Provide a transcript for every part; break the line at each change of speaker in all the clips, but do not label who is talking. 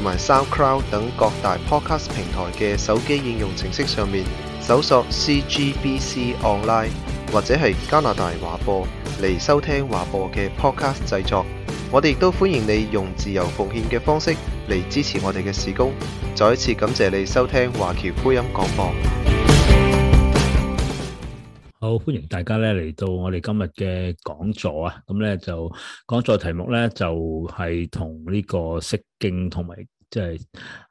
同埋 SoundCloud 等各大 Podcast 平台嘅手機應用程式上面搜索 CGBC Online 或者係加拿大華播嚟收聽華播嘅 Podcast 製作。我哋亦都歡迎你用自由奉獻嘅方式嚟支持我哋嘅事工。再一次感謝你收聽華僑福音廣播。
好，歡迎大家咧嚟到我哋今日嘅講座啊！咁咧就講座題目咧就係同呢個釋經同埋。即係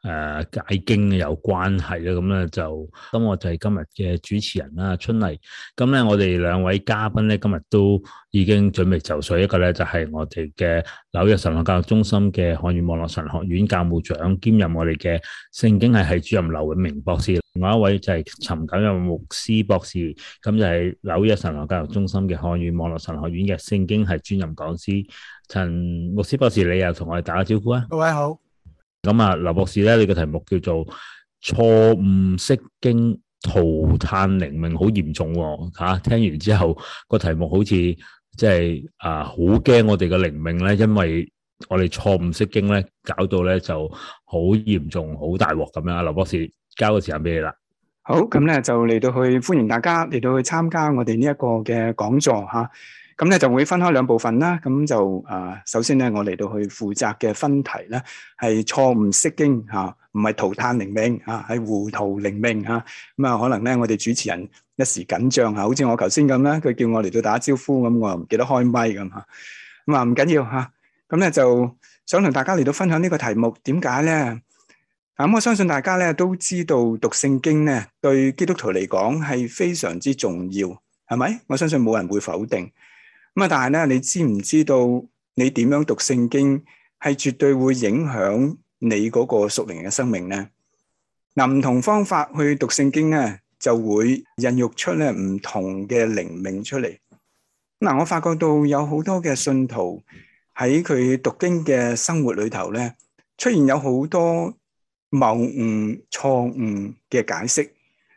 誒解經有關係啦，咁咧就咁，我就係今日嘅主持人啦，春麗。咁咧，我哋兩位嘉賓咧，今日都已經準備就緒。一個咧就係、是、我哋嘅紐約神學教育中心嘅漢語網絡神學院教務長兼任我哋嘅聖經系系主任劉永明博士。另外一位就係陳錦佑牧師博士，咁就係紐約神學教育中心嘅漢語網絡神學院嘅聖經系專任講師陳牧師博士。你又同我哋打個招呼啊？各位好。咁啊，劉博士咧，你個題目叫做錯誤釋經淘汰靈命，好嚴重吓，啊啊。聽完之後，個題目好似即係啊，好驚我哋嘅靈命咧，因為我哋錯誤釋經咧，搞到咧就好嚴重，好大鑊咁樣啊。劉博士，交個時間俾你啦。
好，咁咧就嚟到去歡迎大家嚟到去參加我哋呢一個嘅講座吓。啊咁咧就會分開兩部分啦。咁就首先咧，我嚟到去負責嘅分題咧，係錯誤釋經嚇，唔係淘汰靈命嚇，係糊塗靈命嚇。咁啊，可能咧，我哋主持人一時緊張嚇，好似我頭先咁啦，佢叫我嚟到打招呼咁，我又唔記得開麥咁嚇。咁啊，唔緊要嚇。咁咧就想同大家嚟到分享呢個題目，點解咧？咁我相信大家咧都知道讀聖經咧，對基督徒嚟講係非常之重要，係咪？我相信冇人會否定。咁啊！但係咧，你知唔知道你點樣讀聖經係絕對會影響你嗰個屬靈嘅生命咧？嗱，唔同方法去讀聖經咧，就會孕育出咧唔同嘅靈命出嚟。嗱，我發覺到有好多嘅信徒喺佢讀經嘅生活裏頭咧，出現有好多謬誤、錯誤嘅解釋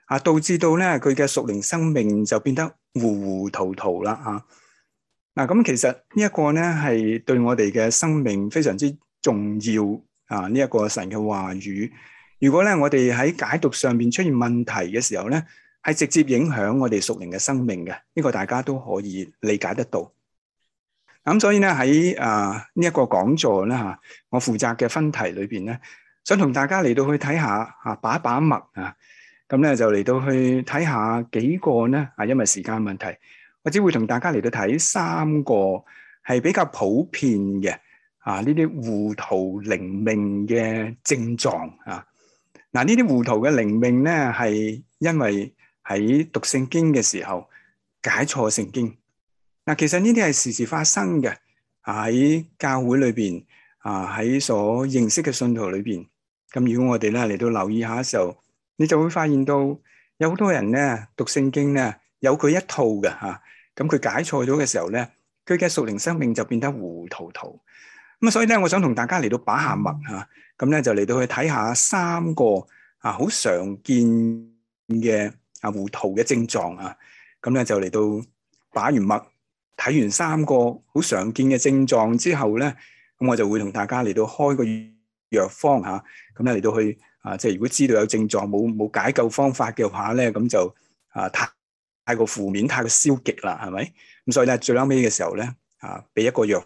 啊，導致到咧佢嘅屬靈生命就變得糊糊塗塗啦啊！嗱，咁其實呢一個咧係對我哋嘅生命非常之重要啊！呢一個神嘅話語，如果咧我哋喺解讀上面出現問題嘅時候咧，係直接影響我哋屬靈嘅生命嘅，呢個大家都可以理解得到。咁所以咧喺誒呢一個講座咧吓，我負責嘅分題裏邊咧，想同大家嚟到去睇下吓，把一把脈啊，咁咧就嚟到去睇下幾個咧啊，因為時間問題。我只會同大家嚟到睇三個，係比較普遍嘅啊呢啲糊塗靈命嘅症狀啊。嗱，呢啲糊塗嘅靈命咧係因為喺讀聖經嘅時候解錯聖經嗱，其實呢啲係時時發生嘅啊，喺教會裏邊啊，喺所認識嘅信徒裏邊咁，如果我哋咧嚟到留意下嘅時候，你就會發現到有好多人咧讀聖經咧有佢一套嘅吓。咁佢解錯咗嘅時候咧，佢嘅屬靈生命就變得糊糊塗塗。咁啊，所以咧，我想同大家嚟到把下脈嚇，咁咧就嚟到去睇下三個啊好常見嘅啊糊塗嘅症狀啊。咁咧就嚟到把完脈，睇完三個好常見嘅症狀之後咧，咁我就會同大家嚟到開個藥方嚇。咁咧嚟到去啊，即係如果知道有症狀冇冇解救方法嘅話咧，咁就啊太過負面、太過消極啦，係咪？咁所以咧，最孻尾嘅時候咧，啊，俾一個藥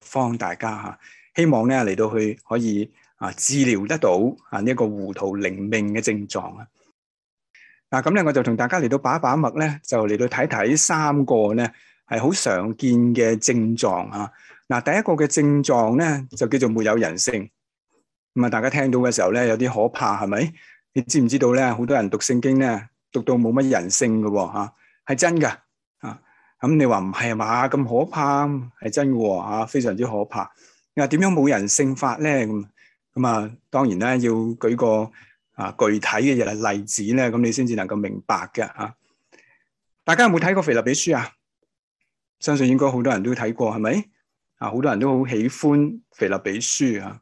方大家吓，希望咧嚟到去可以啊治療得到啊呢一個糊塗靈命嘅症狀啊。嗱，咁咧我就同大家嚟到把一把脈咧，就嚟到睇睇三個咧係好常見嘅症狀啊。嗱，第一個嘅症狀咧就叫做沒有人性。咁啊，大家聽到嘅時候咧有啲可怕，係咪？你知唔知道咧？好多人讀聖經咧，讀到冇乜人性㗎喎，吓。係真噶，啊咁，你話唔係啊嘛？咁可怕係真噶喎，非常之可怕。你話點樣冇人性法咧？咁咁啊，當然咧要舉個啊具體嘅嘢例子咧，咁、啊啊、你先至能夠明白嘅、啊、大家有冇睇過、過《腓、啊、立比書》啊？相信應該好多人都睇過，係咪啊？好多人都好喜歡《腓立比書》啊。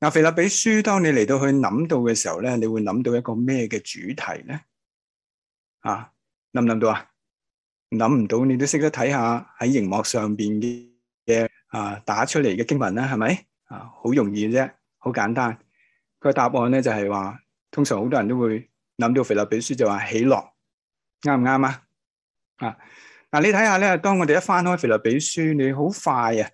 嗱，《腓立比書》當你嚟到去諗到嘅時候咧，你會諗到一個咩嘅主題咧？啊，諗唔諗到啊？諗唔到你都識得睇下喺熒幕上邊嘅啊打出嚟嘅經文啦，係咪啊？好容易啫，好簡單。個答案咧就係話，通常好多人都會諗到腓立比書就話喜樂，啱唔啱啊？啊，嗱你睇下咧，當我哋一翻開腓立比書，你好快啊，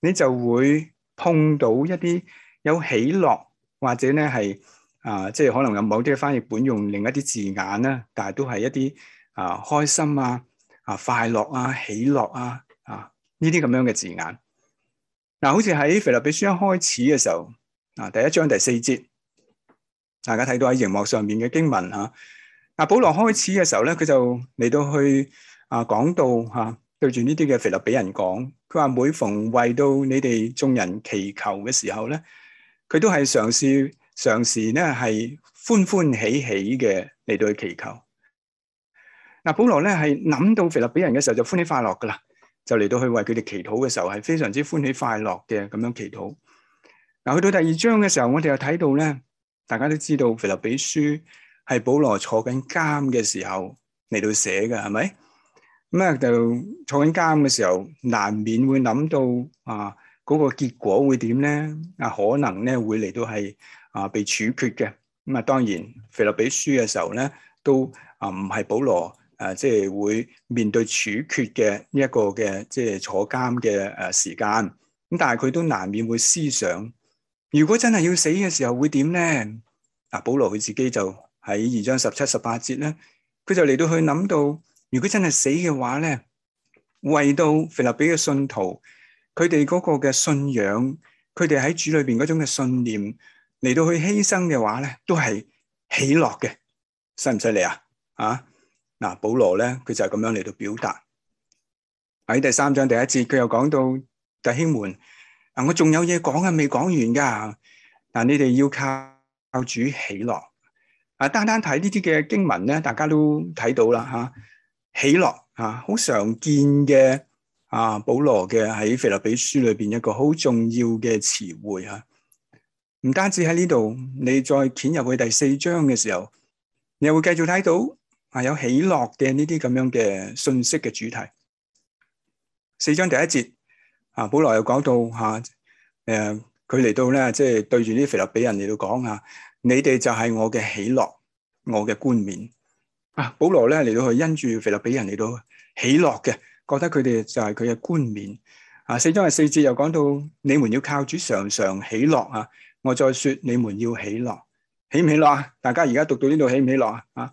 你就會碰到一啲有喜樂或者咧係啊，即係可能有某啲翻譯本用另一啲字眼啦，但係都係一啲啊開心啊。啊！快樂啊，喜樂啊，啊呢啲咁樣嘅字眼。嗱、啊，好似喺《腓立比書》一開始嘅時候，啊，第一章第四節，大家睇到喺熒幕上面嘅經文吓。阿、啊、保羅開始嘅時候咧，佢就嚟到去啊講到吓、啊，對住呢啲嘅腓立比人講，佢話，每逢為到你哋眾人祈求嘅時候咧，佢都係嘗試嘗試咧係歡歡喜喜嘅嚟到去祈求。嗱，保羅咧係諗到腓立比人嘅時候就歡喜快樂噶啦，就嚟到去為佢哋祈禱嘅時候係非常之歡喜快樂嘅咁樣祈禱。嗱，去到第二章嘅時候，我哋又睇到咧，大家都知道腓立比書係保羅坐緊監嘅時候嚟到寫噶，係咪？咁啊，就坐緊監嘅時候，難免會諗到啊，嗰個結果會點咧？啊，可能咧會嚟到係啊被處決嘅。咁啊，當然腓立比書嘅時候咧都啊唔係保羅。啊，即係會面對處決嘅呢一個嘅，即係坐監嘅誒時間。咁但係佢都難免會思想，如果真係要死嘅時候會點咧？啊，保羅佢自己就喺二章十七、十八節咧，佢就嚟到去諗到，如果真係死嘅話咧，為到腓立比嘅信徒，佢哋嗰個嘅信仰，佢哋喺主裏邊嗰種嘅信念，嚟到去犧牲嘅話咧，都係喜樂嘅，犀唔犀利啊？啊！嗱、啊，保羅咧，佢就係咁樣嚟到表達喺第三章第一節，佢又講到弟兄們，嗱，我仲有嘢講啊，未講完噶，但你哋要靠主喜樂啊！單單睇呢啲嘅經文咧，大家都睇到啦吓，啊，喜樂吓，好，啊，常見嘅啊，保羅嘅喺腓立比書裏邊一個好重要嘅詞彙吓，唔，啊，單止喺呢度，你再掀入去第四章嘅時候，你又會繼續睇到。啊，有喜樂嘅呢啲咁樣嘅信息嘅主題。四章第一節，啊，保羅又講到吓，誒，佢嚟到咧，即係對住啲腓立比人嚟到講啊，就是，你哋就係我嘅喜樂，我嘅冠冕。啊，保羅咧嚟到去因住腓立比人嚟到喜樂嘅，覺得佢哋就係佢嘅冠冕。啊，四章第四節又講到，你們要靠主常常喜樂啊！我再說，你們要喜樂，喜唔喜樂啊？大家而家讀到呢度喜唔喜樂啊？啊！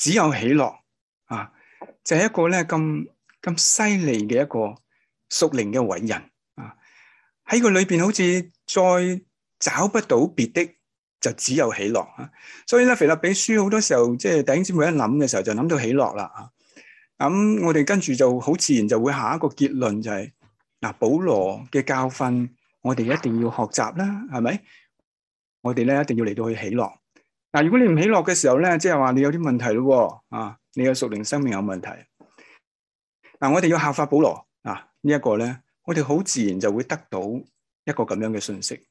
只有喜樂啊，就係一個咧，咁咁犀利嘅一個屬靈嘅偉人啊！喺個裏邊好似再找不到別的，就只有喜樂啊！所以咧，腓立比書好多時候即係弟兄姊妹一諗嘅時候，就諗到喜樂啦啊！咁我哋跟住就好自然就會下一個結論就係嗱，保羅嘅教訓我哋一定要學習啦，係咪？我哋咧一定要嚟到去喜樂。嗱，如果你唔起落嘅時候咧，即係話你有啲問題咯，啊，你嘅屬靈生命有問題。嗱，我哋要效法保羅，嗱呢一個咧，我哋好自然就會得到一個咁樣嘅信息。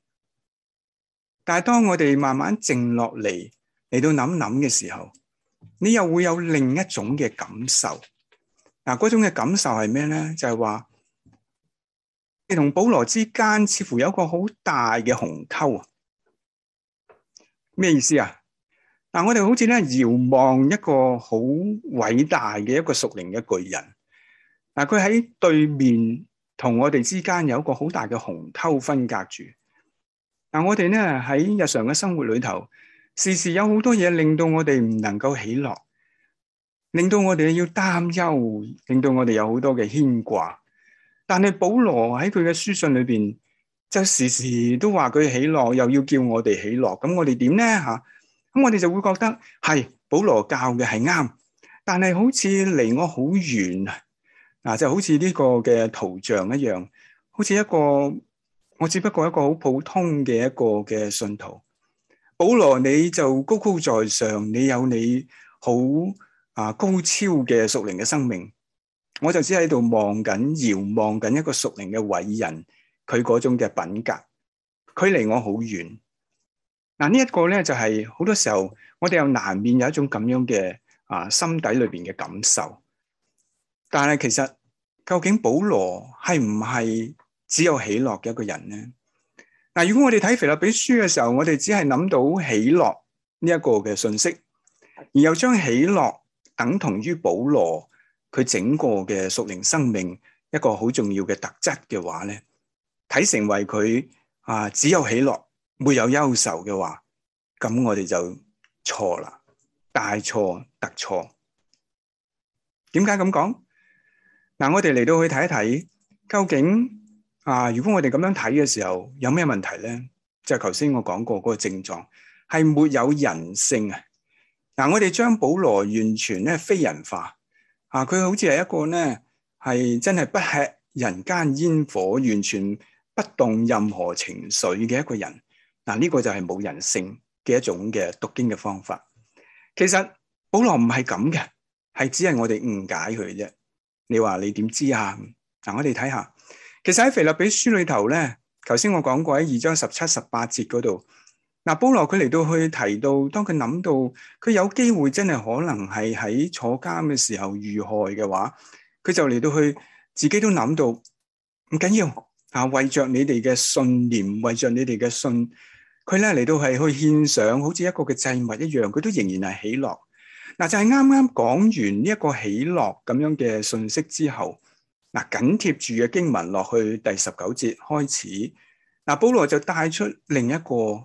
但係當我哋慢慢靜落嚟嚟到諗諗嘅時候，你又會有另一種嘅感受。嗱，嗰種嘅感受係咩咧？就係話你同保羅之間似乎有一個好大嘅鴻溝啊？咩意思啊？嗱、啊，我哋好似咧遙望一個好偉大嘅一個屬靈嘅巨人，嗱、啊，佢喺對面同我哋之間有一個好大嘅鴻溝分隔住。嗱、啊，我哋咧喺日常嘅生活裏頭，時時有好多嘢令到我哋唔能夠喜樂，令到我哋要擔憂，令到我哋有好多嘅牽掛。但係保羅喺佢嘅書信裏邊，就時時都話佢喜樂，又要叫我哋喜樂，咁我哋點咧吓？啊咁我哋就會覺得係保羅教嘅係啱，但係好似離我好遠啊！嗱，就好似呢個嘅圖像一樣，好似一個我只不過一個好普通嘅一個嘅信徒。保羅你就高高在上，你有你好啊高超嘅屬靈嘅生命，我就只喺度望緊、遙望緊一個屬靈嘅偉人，佢嗰種嘅品格，佢離我好遠。嗱，呢一個咧就係好多時候，我哋又難免有一種咁樣嘅啊心底裏邊嘅感受。但係其實究竟保羅係唔係只有喜樂嘅一個人咧？嗱，如果我哋睇腓立比書嘅時候，我哋只係諗到喜樂呢一個嘅信息，而又將喜樂等同於保羅佢整個嘅屬靈生命一個好重要嘅特質嘅話咧，睇成為佢啊只有喜樂，沒有憂愁嘅話，咁我哋就錯啦，大錯特錯。點解咁講？嗱，我哋嚟到去睇一睇，究竟啊，如果我哋咁樣睇嘅時候有咩問題咧？就係頭先我講過嗰個症狀係沒有人性啊。嗱，我哋將保羅完全咧非人化啊，佢好似係一個咧係真係不吃人間煙火，完全不動任何情緒嘅一個人。嗱、這、呢個就係冇人性嘅一種嘅讀經嘅方法。其實保羅唔係咁嘅，係只係我哋誤解佢啫。你話你點知啊？嗱，我哋睇下，其實喺腓立比書裏頭咧，頭先我講過喺二章十七、十八節嗰度。嗱，保羅佢嚟到去提到，當佢諗到佢有機會真係可能係喺坐監嘅時候遇害嘅話，佢就嚟到去自己都諗到唔緊要啊，為着你哋嘅信念，為着你哋嘅信。佢咧嚟到係去獻上，好似一個嘅祭物一樣，佢都仍然係喜樂。嗱，就係啱啱講完呢一個喜樂咁樣嘅信息之後，嗱緊貼住嘅經文落去第十九節開始，嗱保羅就帶出另一個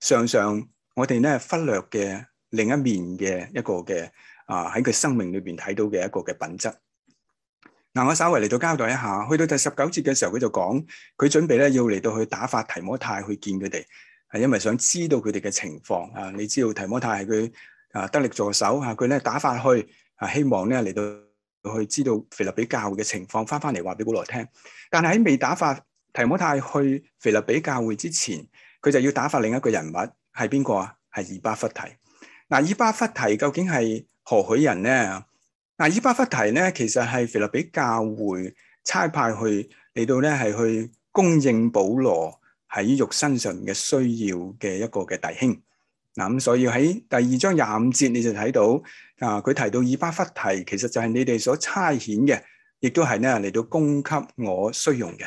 常常我哋咧忽略嘅另一面嘅一個嘅啊，喺佢生命裏邊睇到嘅一個嘅品質。嗱，我稍微嚟到交代一下，去到第十九節嘅時候，佢就講佢準備咧要嚟到去打發提摩太去見佢哋。係因為想知道佢哋嘅情況啊！你知道提摩太係佢啊得力助手啊，佢咧打發去啊，希望咧嚟到去知道腓立比教會嘅情況，翻翻嚟話俾保羅聽。但係喺未打發提摩太去腓立比教會之前，佢就要打發另一個人物係邊個啊？係以巴弗提。嗱，以巴弗提究竟係何許人呢？嗱，以巴弗提咧，其實係腓立比教會差派去嚟到咧，係去供應保羅。喺肉身上嘅需要嘅一個嘅弟兄，嗱，咁所以喺第二章廿五節你就睇到啊，佢提到以巴弗提，其實就係你哋所差遣嘅，亦都係咧嚟到供給我需用嘅，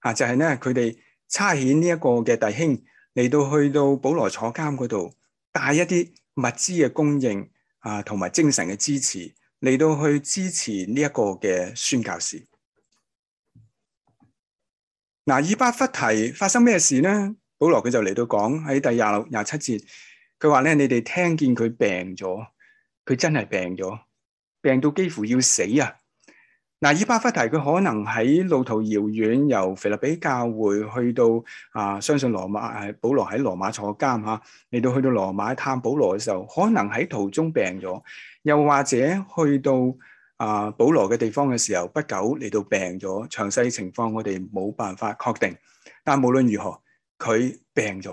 啊就係咧佢哋差遣呢一個嘅弟兄嚟到去到保羅坐監嗰度帶一啲物資嘅供應啊，同埋精神嘅支持嚟到去支持呢一個嘅宣教士。嗱，以巴弗提發生咩事咧？保羅佢就嚟到講喺第廿六廿七節，佢話咧：你哋聽見佢病咗，佢真係病咗，病到幾乎要死啊！嗱，以巴弗提佢可能喺路途遙遠，由腓立比教會去到啊，相信羅馬係保羅喺羅馬坐監嚇，嚟到啊去到羅馬探保羅嘅時候，可能喺途中病咗，又或者去到。啊，保羅嘅地方嘅時候不久嚟到病咗，詳細情況我哋冇辦法確定，但無論如何佢病咗，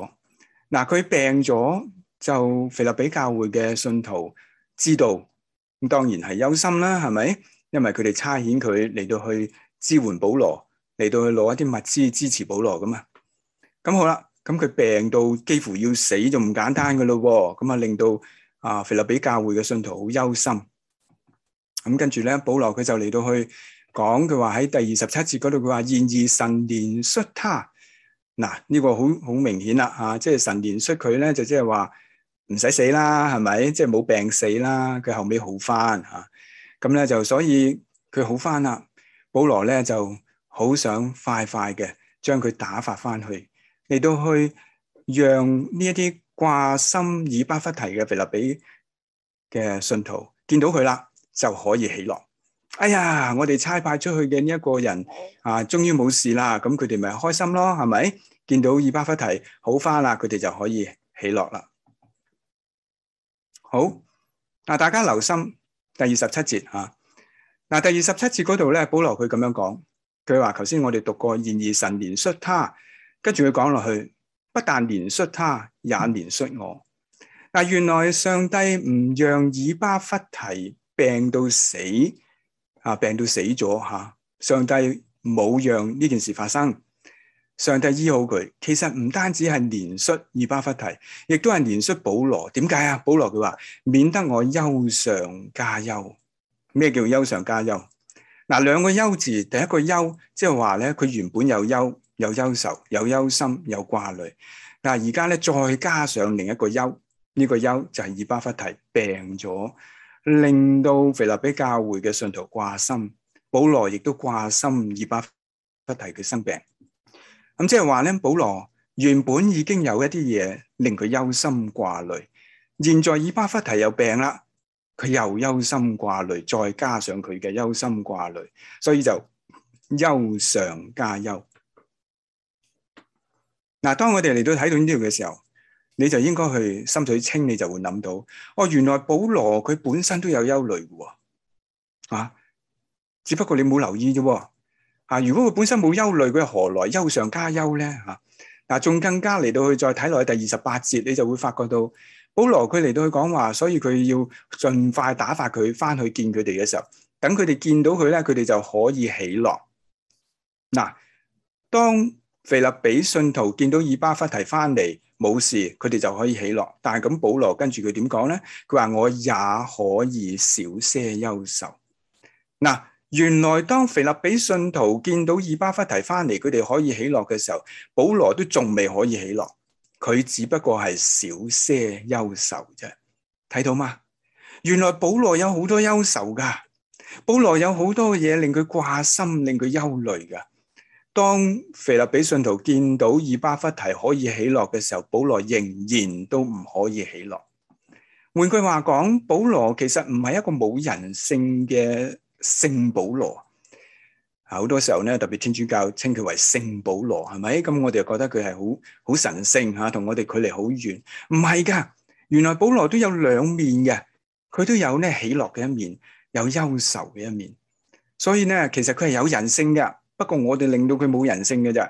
嗱、啊、佢病咗就腓立比教會嘅信徒知道，咁當然係憂心啦，係咪？因為佢哋差遣佢嚟到去支援保羅，嚟到去攞一啲物資支持保羅噶嘛。咁好啦，咁佢病到幾乎要死就唔簡單噶咯，咁啊令到啊腓立比教會嘅信徒好憂心。咁跟住咧，保羅佢就嚟到去講，佢話喺第二十七節嗰度，佢話然而神憐恤他，嗱，呢個好好明顯啦，啊，即係神憐恤佢咧，就即係話唔使死啦，係咪？即係冇病死啦，佢後尾好翻啊，咁咧就所以佢好翻啦。保羅咧就好想快快嘅將佢打發翻去，嚟到去讓呢一啲掛心以巴弗提嘅腓立比嘅信徒見到佢啦。就可以喜樂。哎呀，我哋差派出去嘅呢一個人啊，終於冇事啦。咁佢哋咪開心咯，係咪見到以巴弗提好返啦？佢哋就可以喜樂啦。好嗱，大家留心第二十七節吓嗱。第二十七節嗰度咧，保羅佢咁樣講，佢話：頭先我哋讀過，「然而神憐恤」，他，跟住佢講落去，不但憐恤他，他也憐恤我。嗱，原來上帝唔讓以巴弗提。病到死啊！病到死咗吓，上帝冇讓呢件事發生。上帝醫好佢。其實唔單止係憐恤以巴弗提，亦都係憐恤保羅。點解啊？保羅佢話：免得我憂上加憂。咩叫憂上加憂？嗱，兩個憂字，第一個憂即係話咧，佢原本有憂，有憂愁，有憂,有憂心，有掛慮。但係而家咧，再加上另一個憂，呢個憂就係以巴弗提病咗。令到腓立比教會嘅信徒掛心，保羅亦都掛心。以巴弗提佢生病，咁即係話咧，保羅原本已經有一啲嘢令佢憂心掛慮，現在以巴弗提又病啦，佢又憂心掛慮，再加上佢嘅憂心掛慮，所以就憂上加憂。嗱，當我哋嚟到睇到呢條嘅時候。你就應該去心水清，你就會諗到哦。原來保羅佢本身都有憂慮嘅喎，啊，只不過你冇留意啫喎。啊，如果佢本身冇憂慮，佢何來憂上加憂咧？嚇、啊、嗱，仲更加嚟到去再睇落去第二十八節，你就會發覺到保羅佢嚟到去講話，所以佢要盡快打發佢翻去見佢哋嘅時候，等佢哋見到佢咧，佢哋就可以喜樂。嗱、啊，當腓立比信徒見到以巴弗提翻嚟冇事，佢哋就可以喜樂。但係咁，保羅跟住佢點講咧？佢話：我也可以少些憂愁。嗱，原來當腓立比信徒見到以巴弗提翻嚟，佢哋可以喜樂嘅時候，保羅都仲未可以喜樂。佢只不過係少些憂愁啫。睇到嗎？原來保羅有好多憂愁噶，保羅有好多嘢令佢掛心，令佢憂慮噶。當腓立比信徒見到以巴弗提可以喜樂嘅時候，保羅仍然都唔可以喜樂。換句話講，保羅其實唔係一個冇人性嘅聖保羅。好多時候咧，特別天主教稱佢為聖保羅，係咪？咁我哋又覺得佢係好好神聖吓，同我哋距離好遠。唔係噶，原來保羅都有兩面嘅，佢都有咧喜樂嘅一面，有憂愁嘅一面。所以咧，其實佢係有人性嘅。不過我哋令到佢冇人性嘅啫。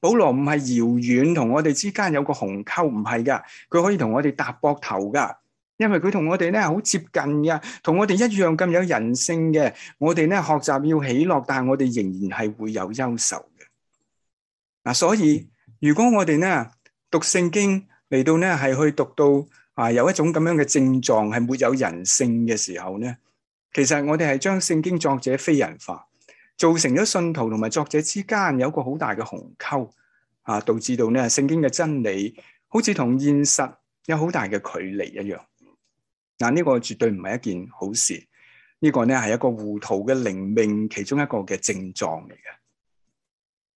保羅唔係遙遠，同我哋之間有個鴻溝，唔係噶，佢可以同我哋搭膊頭噶，因為佢同我哋咧好接近嘅，同我哋一樣咁有人性嘅。我哋咧學習要喜樂，但係我哋仍然係會有憂愁嘅。嗱，所以如果我哋咧讀聖經嚟到咧係去讀到啊有一種咁樣嘅症狀係沒有人性嘅時候咧，其實我哋係將聖經作者非人化，造成咗信徒同埋作者之間有一個好大嘅鴻溝啊，導致到咧聖經嘅真理好似同現實有好大嘅距離一樣。嗱，呢個絕對唔係一件好事，呢個咧係一個糊塗嘅靈命其中一個嘅症狀嚟嘅。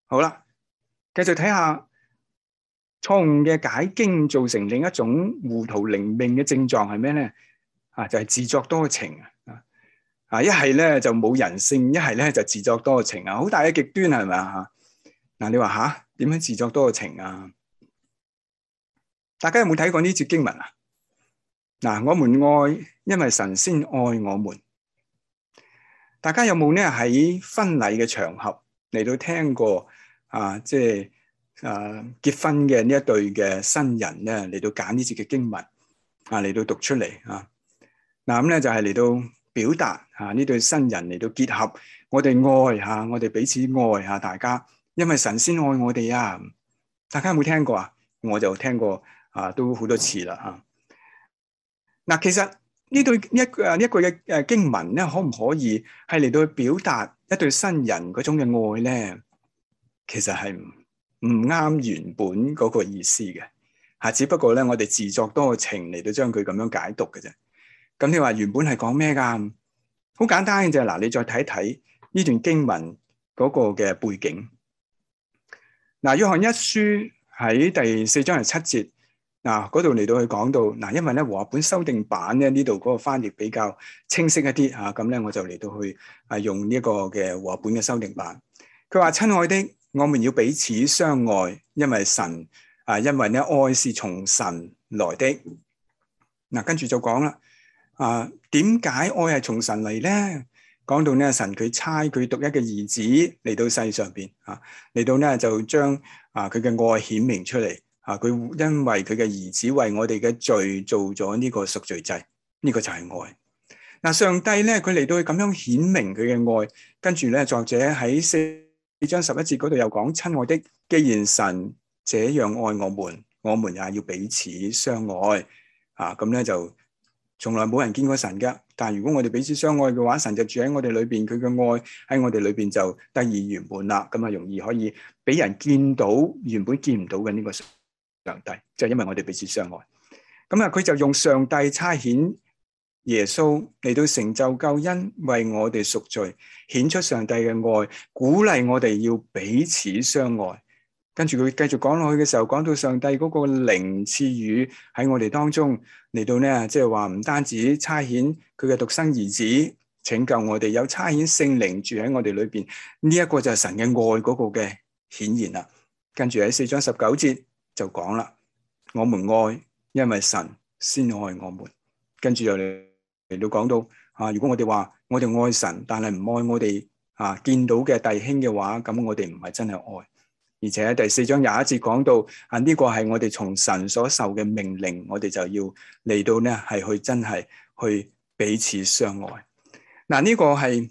好啦，繼續睇下錯誤嘅解經造成另一種糊塗靈命嘅症狀係咩咧？啊，就係自作多情啊！一係咧就冇人性，一係咧就自作多情啊！好大嘅極端啊，係咪啊？嗱，你話吓點樣自作多情啊？大家有冇睇過呢節經文啊？嗱，我們愛，因為神仙神先愛我們。大家有冇咧喺婚禮嘅場合嚟到聽過啊？即係啊，結婚嘅呢一對嘅新人咧嚟到揀呢節嘅經文啊嚟到讀出嚟啊？嗱咁咧就係嚟到。表達吓呢對新人嚟到結合我，我哋愛吓，我哋彼此愛吓大家，因為神先愛我哋啊！大家有冇聽過啊？我就聽過啊，都好多次啦啊！嗱，其實呢對一誒一句嘅誒經文咧，可唔可以係嚟到去表達一對新人嗰種嘅愛咧？其實係唔啱原本嗰個意思嘅吓，只不過咧我哋自作多情嚟到將佢咁樣解讀嘅啫。咁你話原本係講咩噶？好簡單嘅就係嗱，你再睇睇呢段經文嗰個嘅背景。嗱，約翰一書喺第四章係七節嗱，嗰度嚟到去講到嗱，因為咧和合本修訂版咧呢度嗰個翻譯比較清晰一啲啊，咁咧我就嚟到去啊用呢一個嘅和合本嘅修訂版。佢話親愛的，我們要彼此相愛，因為神啊，因為咧愛是從神來的。嗱，跟住就講啦。啊，點解愛係從神嚟咧？講到咧，神佢差佢獨一個兒子嚟到世上邊，啊，嚟到咧就將啊佢嘅愛顯明出嚟，啊，佢、啊、因為佢嘅兒子為我哋嘅罪做咗呢個贖罪祭呢、這個就係愛。嗱、啊，上帝咧佢嚟到咁樣顯明佢嘅愛，跟住咧作者喺四章十一節嗰度又講：親愛的，既然神這樣愛我們，我們也要彼此相愛。啊，咁、啊、咧就。從來冇人見過神噶，但係如果我哋彼此相愛嘅話，神就住喺我哋裏邊，佢嘅愛喺我哋裏邊就得以圓滿啦。咁啊，容易可以俾人見到原本見唔到嘅呢個上帝，就係因為我哋彼此相愛。咁啊，佢就用上帝差遣耶穌嚟到成就救恩，為我哋贖罪，顯出上帝嘅愛，鼓勵我哋要彼此相愛。跟住佢繼續講落去嘅時候，講到上帝嗰個靈賜予喺我哋當中嚟到咧，即係話唔單止差遣佢嘅獨生兒子拯救我哋，有差遣聖靈住喺我哋裏邊，呢、這、一個就係神嘅愛嗰個嘅顯現啦。跟住喺四章十九節就講啦，我們愛因為神先愛我們。跟住又嚟到講到啊，如果我哋話我哋愛神，但係唔愛我哋啊見到嘅弟兄嘅話，咁我哋唔係真係愛。而且第四章廿一節講到啊，呢、呢個係我哋從神所受嘅命令，我哋就要嚟到咧係去真係去彼此相愛。嗱、啊、呢、呢個係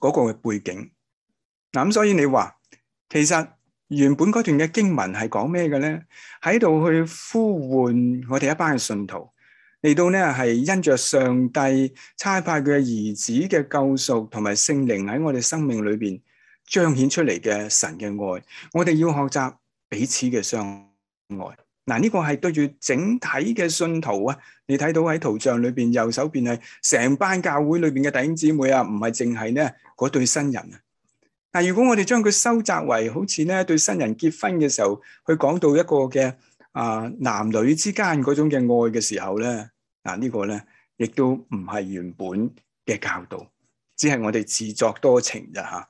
嗰個嘅背景。嗱、啊、咁所以你話，其實原本嗰段嘅經文係講咩嘅咧？喺度去呼喚我哋一班嘅信徒嚟到咧係因着上帝差派佢嘅兒子嘅救贖同埋聖靈喺我哋生命裏邊。彰顯出嚟嘅神嘅愛，我哋要學習彼此嘅相愛。嗱，呢個係對住整體嘅信徒啊！你睇到喺圖像裏邊，右手邊係成班教會裏邊嘅弟兄姊妹啊，唔係淨係咧嗰對新人啊。嗱，如果我哋將佢收集為好似呢對新人結婚嘅時候，去講到一個嘅啊男女之間嗰種嘅愛嘅時候咧，嗱、這、呢個咧亦都唔係原本嘅教導，只係我哋自作多情啫吓。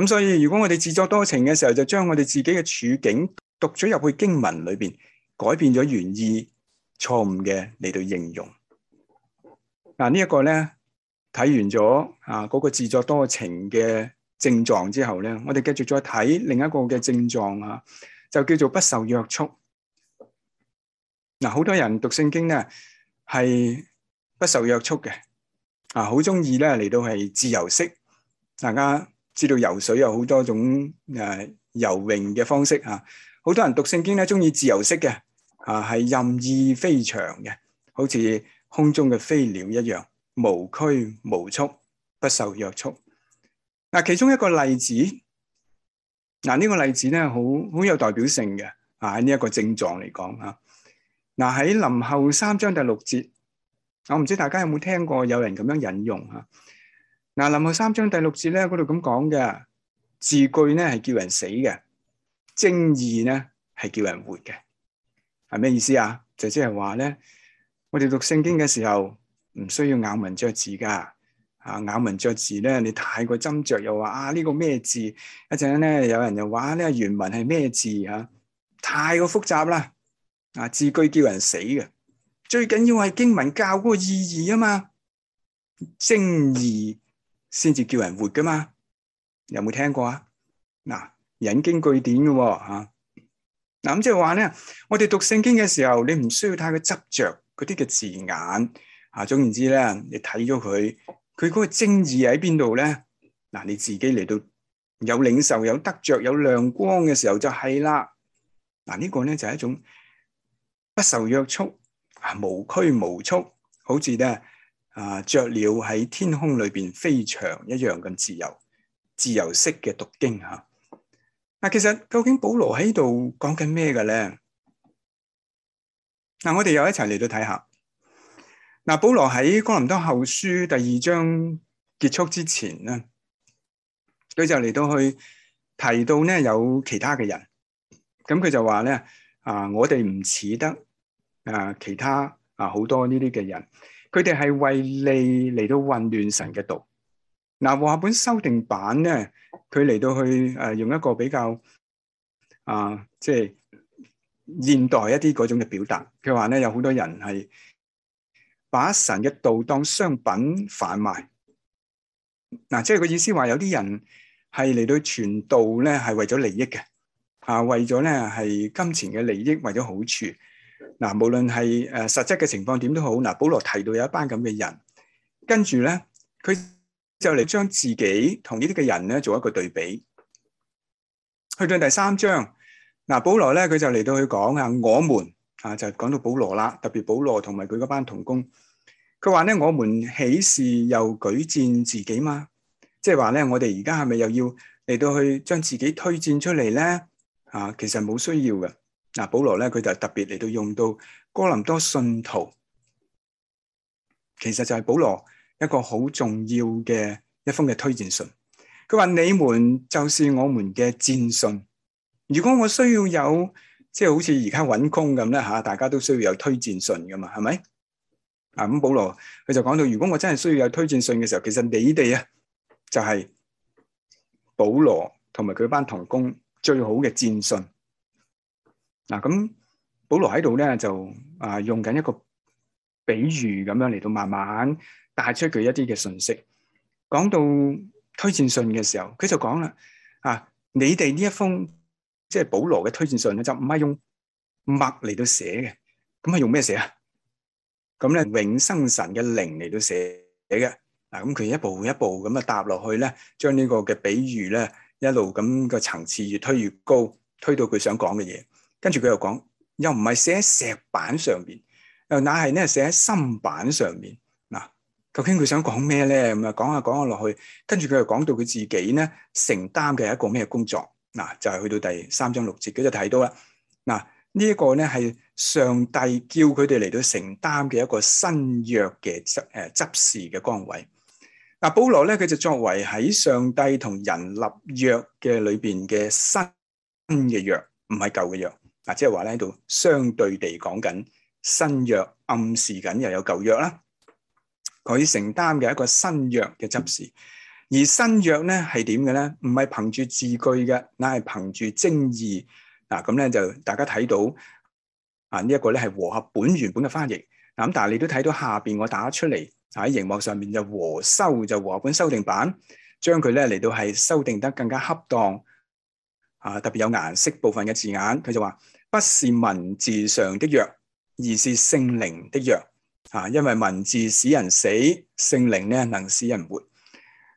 咁所以，如果我哋自作多情嘅時候，就將我哋自己嘅處境讀咗入去經文裏邊，改變咗原意，錯誤嘅嚟到應用。嗱、啊，這個、呢一個咧睇完咗啊嗰、那個自作多情嘅症狀之後咧，我哋繼續再睇另一個嘅症狀啊，就叫做不受約束。嗱、啊，好多人讀聖經咧係不受約束嘅啊，好中意咧嚟到係自由式，大家知道游水有好多種誒游泳嘅方式啊！好多人讀聖經咧，中意自由式嘅啊，係任意飛翔嘅，好似空中嘅飛鳥一樣，無拘無束，不受約束。嗱，其中一個例子，嗱、這、呢個例子咧，好好有代表性嘅啊！喺呢一個症狀嚟講啊，嗱喺林後三章第六節，我唔知大家有冇聽過有人咁樣引用嚇。嗱，林後三章第六節咧，嗰度咁講嘅，字句咧係叫人死嘅，正義咧係叫人活嘅，係咩意思啊？就即係話咧，我哋讀聖經嘅時候唔需要咬文嚼字噶，啊咬文嚼字咧，你太過斟酌，又話啊呢個咩字，一陣間咧有人又話呢個原文係咩字啊，太過複雜啦，啊字句叫人死嘅，最緊要係經文教嗰個意義啊嘛，正義。先至叫人活噶嘛？有冇聽過啊？嗱，引經據典嘅吓，嗱咁即係話咧，我哋讀聖經嘅時候，你唔需要太過執着嗰啲嘅字眼啊。總言之咧，你睇咗佢，佢嗰個精義喺邊度咧？嗱，你自己嚟到有領受、有得着、有亮光嘅時候就係啦。嗱、啊，這個、呢個咧就係、是、一種不受約束啊，無拘無束，好似咧。啊！雀鳥喺天空裏邊飛翔一樣咁自由，自由式嘅讀經吓。嗱、啊，其實究竟保羅喺度講緊咩嘅咧？嗱、啊，我哋又一齊嚟到睇下。嗱、啊，保羅喺哥林多後書第二章結束之前咧，佢就嚟到去提到咧有其他嘅人，咁佢就話咧啊，我哋唔似得啊其他啊好多呢啲嘅人。佢哋係為利嚟到混亂神嘅道。嗱，和合本修訂版咧，佢嚟到去誒用一個比較啊，即係現代一啲嗰種嘅表達，佢話咧有好多人係把神嘅道當商品販賣。嗱、啊，即係個意思話，有啲人係嚟到傳道咧，係為咗利益嘅，啊，為咗咧係金錢嘅利益，為咗好處。嗱，無論係誒實質嘅情況點都好，嗱，保羅提到有一班咁嘅人，跟住咧，佢就嚟將自己同呢啲嘅人咧做一個對比。去到第三章，嗱，保羅咧佢就嚟到去講啊，我們啊就講到保羅啦，特別保羅同埋佢嗰班同工，佢話咧，我們豈是又舉薦自己嘛，即係話咧，我哋而家係咪又要嚟到去將自己推薦出嚟咧？啊，其實冇需要嘅。嗱、啊，保羅咧佢就特別嚟到用到哥林多信徒，其實就係保羅一個好重要嘅一封嘅推薦信。佢話，你們就是我們嘅薦信。如果我需要有即係好似而家揾工咁咧吓，大家都需要有推薦信㗎嘛，係咪？啊咁、嗯，保羅佢就講到，如果我真係需要有推薦信嘅時候，其實你哋啊就係、是、保羅同埋佢班同工最好嘅薦信。嗱咁，保羅喺度咧就啊用緊一個比喻咁樣嚟到慢慢帶出佢一啲嘅信息。講到推薦信嘅時候，佢就講啦：啊，你哋呢一封即係保羅嘅推薦信咧，就唔係用墨嚟到寫嘅，咁係用咩寫啊？咁咧永生神嘅靈嚟到寫嘅。啊，咁佢一步一步咁啊搭落去咧，將呢個嘅比喻咧一路咁個層次越推越高，推到佢想講嘅嘢。跟住佢又講，又唔係寫喺石板上邊，又乃係呢寫喺心板上面。嗱，究竟佢想講咩咧？咁啊講下講下落去，跟住佢又講到佢自己呢承擔嘅一個咩工作？嗱，就係去到第三章六節，佢就睇到啦。嗱，呢一個呢係上帝叫佢哋嚟到承擔嘅一個新約嘅執誒執事嘅崗位。嗱，保羅咧佢就作為喺上帝同人立約嘅裏邊嘅新嘅約，唔係舊嘅約。即係話咧度相對地講緊新約，暗示緊又有舊約啦。佢承擔嘅一個新約嘅執事，而新約咧係點嘅咧？唔係憑住字句嘅，乃係憑住精義嗱。咁、啊、咧就大家睇到啊，呢、這、一個咧係和合本原本嘅翻譯嗱。咁、啊、但係你都睇到下邊我打出嚟喺熒幕上面就和修就是、和合本修訂版，將佢咧嚟到係修訂得更加恰當啊。特別有顏色部分嘅字眼，佢就話。不是文字上的約，而是聖靈的約啊！因為文字使人死，聖靈咧能使人活。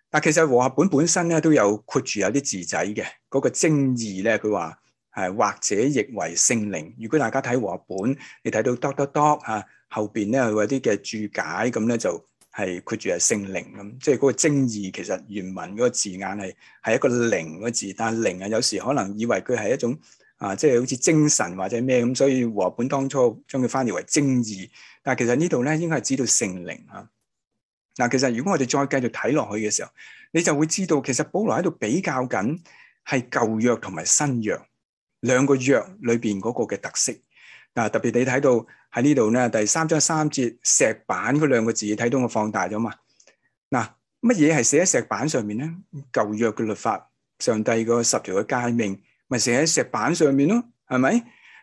但、啊、其實和合本本身咧都有括住有啲字仔嘅，嗰、嗰個精意咧，佢話係或者譯為聖靈。如果大家睇和合本，你睇到 dot dot dot 啊，後邊咧有啲嘅注解咁咧就係括住係聖靈咁，即係嗰個精意其實原文嗰個字眼係係一個靈個字，但靈啊，有時可能以為佢係一種。啊，即係好似精神或者咩咁，所以和本當初將佢翻譯為精義，但係其實這裡呢度咧應該係指到聖靈啊。嗱、啊，其實如果我哋再繼續睇落去嘅時候，你就會知道其實保羅喺度比較緊係舊約同埋新約兩個約裏邊嗰個嘅特色。嗱、啊，特別你睇到喺呢度咧第三章三節石板嗰兩個字，你睇到我放大咗嘛。嗱、啊，乜嘢係寫喺石板上面咧？舊約嘅律法，上帝嗰十條嘅戒命。咪寫喺石板上面咯，係咪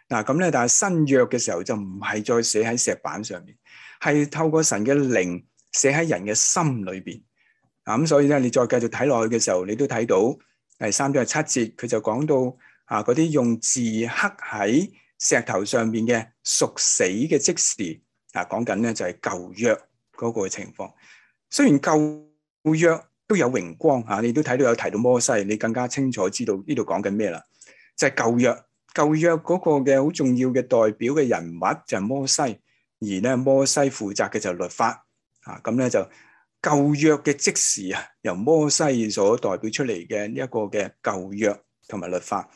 嗱咁咧？但係新約嘅時候就唔係再寫喺石板上面，係透過神嘅靈寫喺人嘅心裏邊啊。咁所以咧，你再繼續睇落去嘅時候，你都睇到第三章第七節，佢就講到啊嗰啲用字刻喺石頭上面嘅屬死嘅職事，啊，講緊咧就係舊約嗰個情況。雖然舊約都有榮光啊，你都睇到有提到摩西，你更加清楚知道呢度講緊咩啦。就係舊約，舊約嗰個嘅好重要嘅代表嘅人物就係摩西，而咧摩西負責嘅就係律法啊。咁咧就舊約嘅即時啊，由摩西所代表出嚟嘅呢一個嘅舊約同埋律法，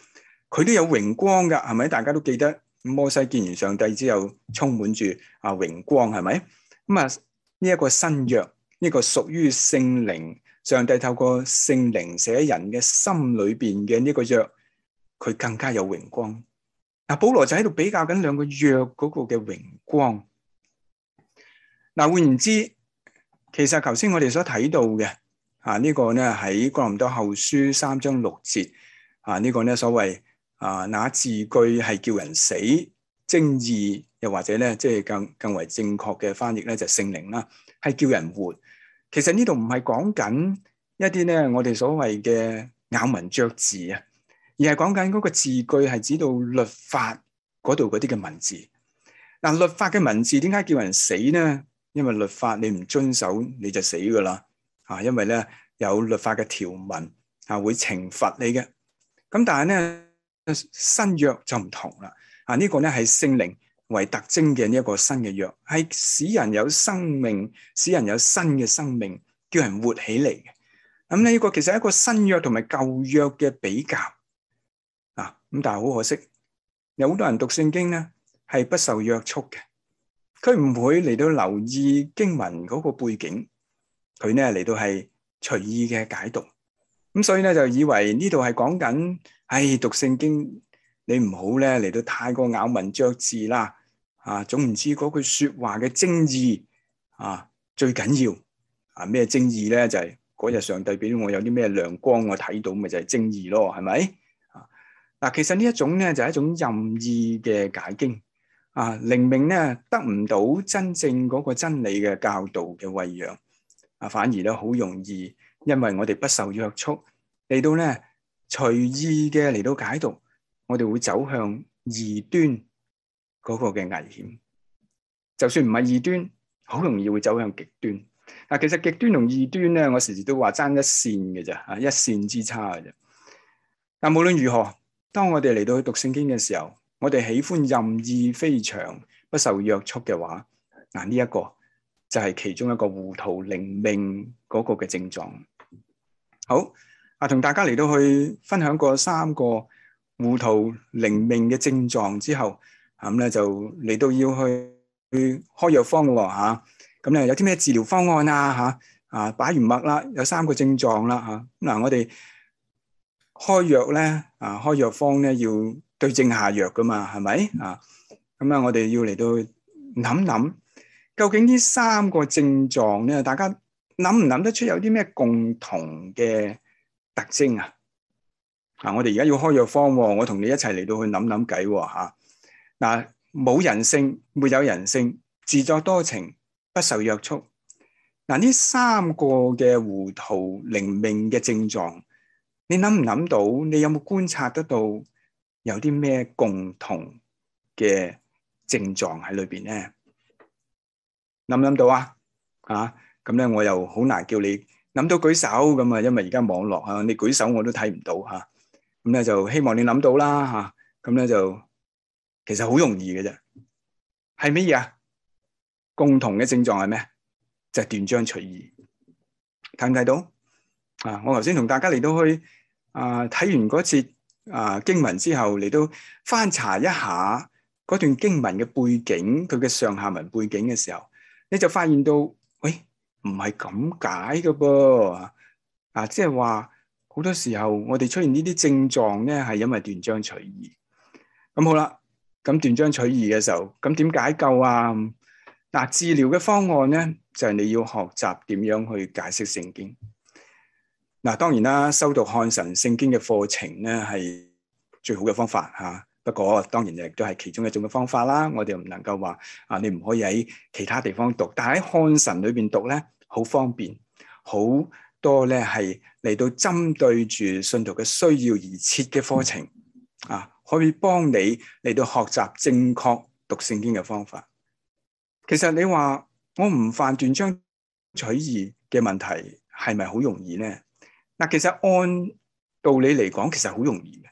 佢都有榮光㗎，係咪？大家都記得摩西見完上帝之後，充滿住啊榮光，係咪？咁啊呢一個新約，呢個屬於聖靈，上帝透過聖靈寫人嘅心裏邊嘅呢個約。佢更加有榮光。嗱，保羅就喺度比較緊兩個約嗰個嘅榮光。嗱，換言之，其實頭先我哋所睇到嘅啊，這個、呢個咧喺《哥林多後書》三章六節啊，這個、呢個咧所謂啊，那字句係叫人死，正義又或者咧，即、就、係、是、更更為正確嘅翻譯咧，就是、聖靈啦，係叫人活。其實呢度唔係講緊一啲咧，我哋所謂嘅咬文嚼字啊。而係講緊嗰個字句，係指到律法嗰度嗰啲嘅文字。嗱，律法嘅文字點解叫人死呢？因為律法你唔遵守，你就死噶啦啊！因為咧有律法嘅條文啊，會懲罰你嘅。咁但係咧新約就唔同啦啊！這個、呢個咧係聖靈為特徵嘅呢一個新嘅約，係使人有生命，使人有新嘅生命，叫人活起嚟嘅。咁呢個其實係一個新約同埋舊約嘅比較。咁但係好可惜，有好多人讀聖經咧，係不受約束嘅，佢唔會嚟到留意經文嗰個背景，佢咧嚟到係隨意嘅解讀，咁所以咧就以為呢度係講緊，唉、哎，讀聖經你唔好咧嚟到太過咬文嚼字啦，啊，總唔知嗰句說話嘅精義啊，最緊要啊咩精義咧就係嗰日上帝俾我有啲咩亮光我睇到，咪就係精義咯，係咪？嗱，其實呢一種咧就係、是、一種任意嘅解經啊，靈命咧得唔到真正嗰個真理嘅教導嘅喂養啊，反而咧好容易，因為我哋不受約束嚟到咧隨意嘅嚟到解讀，我哋會走向異端嗰個嘅危險。就算唔係異端，好容易會走向極端。嗱，其實極端同異端咧，我時時都話爭一線嘅咋啊，一線之差嘅咋。但無論如何。當我哋嚟到去讀聖經嘅時候，我哋喜歡任意飛翔、不受約束嘅話，嗱呢一個就係其中一個糊塗靈命嗰個嘅症狀。好啊，同大家嚟到去分享過三個糊塗靈命嘅症狀之後，咁咧就嚟到要去去開藥方咯吓。咁、嗯、咧有啲咩治療方案啊吓？啊，擺完脈啦，有三個症狀啦吓。嗱、啊啊，我哋開藥咧。啊，開藥方咧要對症下藥㗎嘛，係咪啊？咁啊，我哋要嚟到諗諗，究竟呢三個症狀咧，大家諗唔諗得出有啲咩共同嘅特徵啊？啊，我哋而家要開藥方，啊，我同你一齊嚟到去諗諗計吓。嗱，啊，冇人性，沒有人性，自作多情，不受約束。嗱，啊，呢三個嘅糊塗靈命嘅症狀。你諗唔諗到？你有冇觀察得到有啲咩共同嘅症狀喺裏邊咧？諗唔諗到啊？啊，咁咧我又好難叫你諗到舉手咁啊，因為而家網絡啊，你舉手我都睇唔到吓。咁咧就希望你諗到啦吓。咁咧就其實好容易嘅啫。係咩嘢啊？共同嘅症狀係咩？就係斷章取義，睇唔睇到？我啊！我頭先同大家嚟到去啊，睇完嗰節啊經文之後，嚟到翻查一下嗰段經文嘅背景，佢嘅上下文背景嘅時候，你就發現到，喂、哎，唔係咁解嘅噃啊！即係話好多時候我哋出現呢啲症狀咧，係因為斷章取義咁好啦。咁斷章取義嘅時候，咁點解救啊？嗱、啊，治療嘅方案咧，就係、是、你要學習點樣去解釋聖經。嗱，當然啦，修讀漢神聖經嘅課程咧係最好嘅方法吓。不過當然亦都係其中一種嘅方法啦。我哋唔能夠話啊，你唔可以喺其他地方讀，但係喺漢神裏邊讀咧好方便，好多咧係嚟到針對住信徒嘅需要而設嘅課程啊，可以幫你嚟到學習正確讀聖經嘅方法。其實你話我唔犯斷章取義嘅問題係咪好容易咧？嗱，其實按道理嚟講，其實好容易嘅。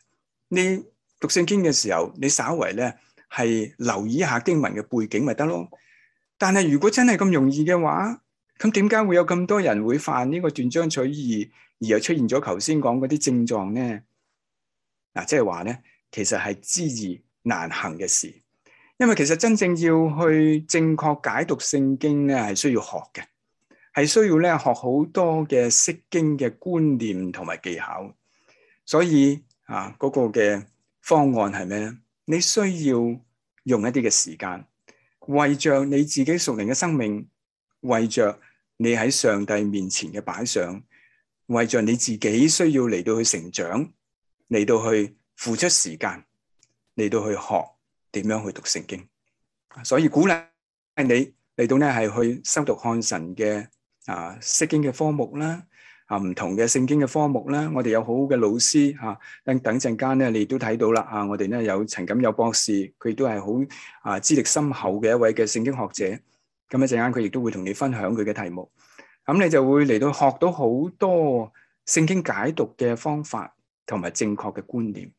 你讀聖經嘅時候，你稍為咧係留意一下經文嘅背景咪得咯。但係如果真係咁容易嘅話，咁點解會有咁多人會犯呢個斷章取義，而又出現咗頭先講嗰啲症狀咧？嗱，即係話咧，其實係知易難行嘅事。因為其實真正要去正確解讀聖經咧，係需要學嘅。.係需要咧學好多嘅釋經嘅觀念同埋技巧，所以啊嗰個嘅方案係咩咧？你需要用一啲嘅時間，為着你自己屬靈嘅生命，為着你喺上帝面前嘅擺上，為着你自己需要嚟到去成長，嚟到去付出時間，嚟到去學點樣去讀聖經。所以鼓勵你嚟到咧係去修讀漢神嘅。啊，聖經嘅科目啦，啊，唔同嘅聖經嘅科目啦，我哋有好好嘅老師吓，等等陣間咧，你都睇到啦，啊，我哋咧有陳錦友博士，佢亦都係好啊，資歷深厚嘅一位嘅聖經學者，咁一陣間佢亦都會同你分享佢嘅題目，咁你就會嚟到學到好多聖經解讀嘅方法同埋正確嘅觀念，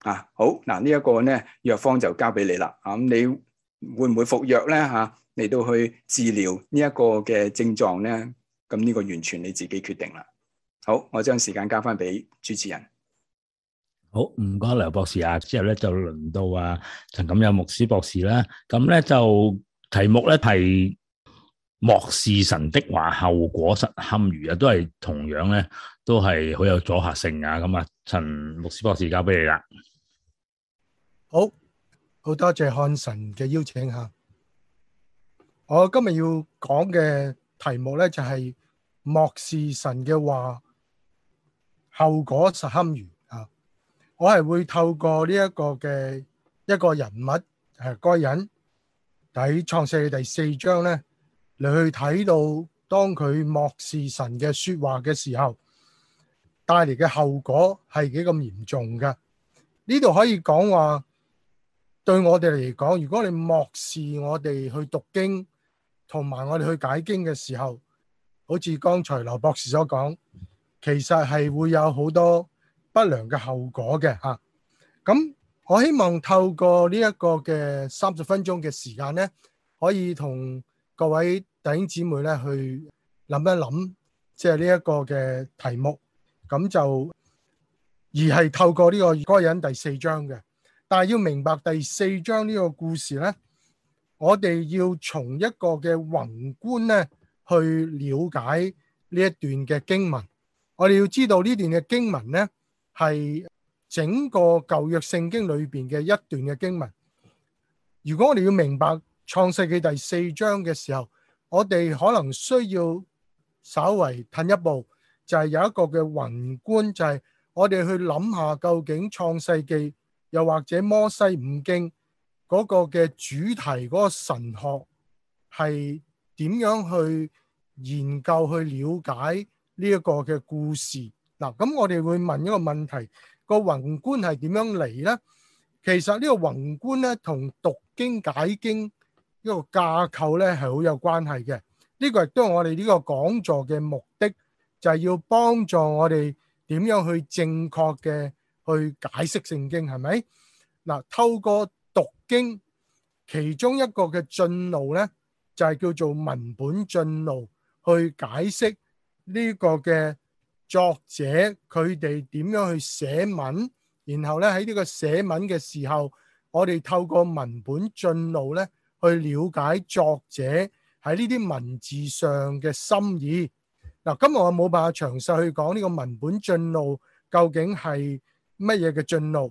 啊，好嗱，啊這個、呢一個咧藥方就交俾你啦，啊，咁你會唔會服藥咧吓？嚟到去治療呢一個嘅症狀咧，咁呢個完全你自己決定啦。好，我將時間交翻俾主持人。
好，唔該梁博士啊，之後咧就輪到啊陳錦有牧師博士啦。咁咧就題目咧係藐視神的話後果實堪虞啊，都係同樣咧，都係好有阻吓性啊。咁啊，陳牧師博士交俾你啦。
好，好多謝漢神嘅邀請吓。我今日要講嘅題目咧就係漠視神嘅話後果實堪虞啊！我係會透過呢一個嘅一個人物誒，該人，喺創世嘅第四章咧，嚟去睇到，當佢漠視神嘅說話嘅時候，帶嚟嘅後果係幾咁嚴重噶？呢度可以講話對我哋嚟講，如果你漠視我哋去讀經。同埋我哋去解經嘅時候，好似剛才劉博士所講，其實係會有好多不良嘅後果嘅嚇。咁我希望透過呢一個嘅三十分鐘嘅時間咧，可以同各位弟兄姊妹咧去諗一諗，即係呢一個嘅題目。咁就而係透過呢個該隱第四章嘅，但係要明白第四章呢個故事咧，我哋要從一個嘅宏觀咧去了解呢一段嘅經文，我哋要知道呢段嘅經文咧係整個舊約聖經裏邊嘅一段嘅經文。如果我哋要明白創世記第四章嘅時候，我哋可能需要稍微褪一步，就係有一個嘅宏觀，就係我哋去諗下究竟創世記又或者摩西五經。嗰個嘅主題，嗰個神學係點樣去研究去了解呢一個嘅故事？嗱，咁我哋會問一個問題：個宏觀係點樣嚟咧？其實呢個宏觀咧，同讀經解經呢個架構咧，係好有關係嘅。呢個亦都係我哋呢個講座嘅目的，就係要幫助我哋點樣去正確嘅去解釋聖經，係咪？嗱，透過讀經其中一個嘅進路呢，就係叫做文本進路，去解釋呢個嘅作者佢哋點樣去寫文，然後呢，喺呢個寫文嘅時候，我哋透過文本進路呢，去了解作者喺呢啲文字上嘅心意。嗱，今日我冇辦法詳細去講呢個文本進路究竟係乜嘢嘅進路。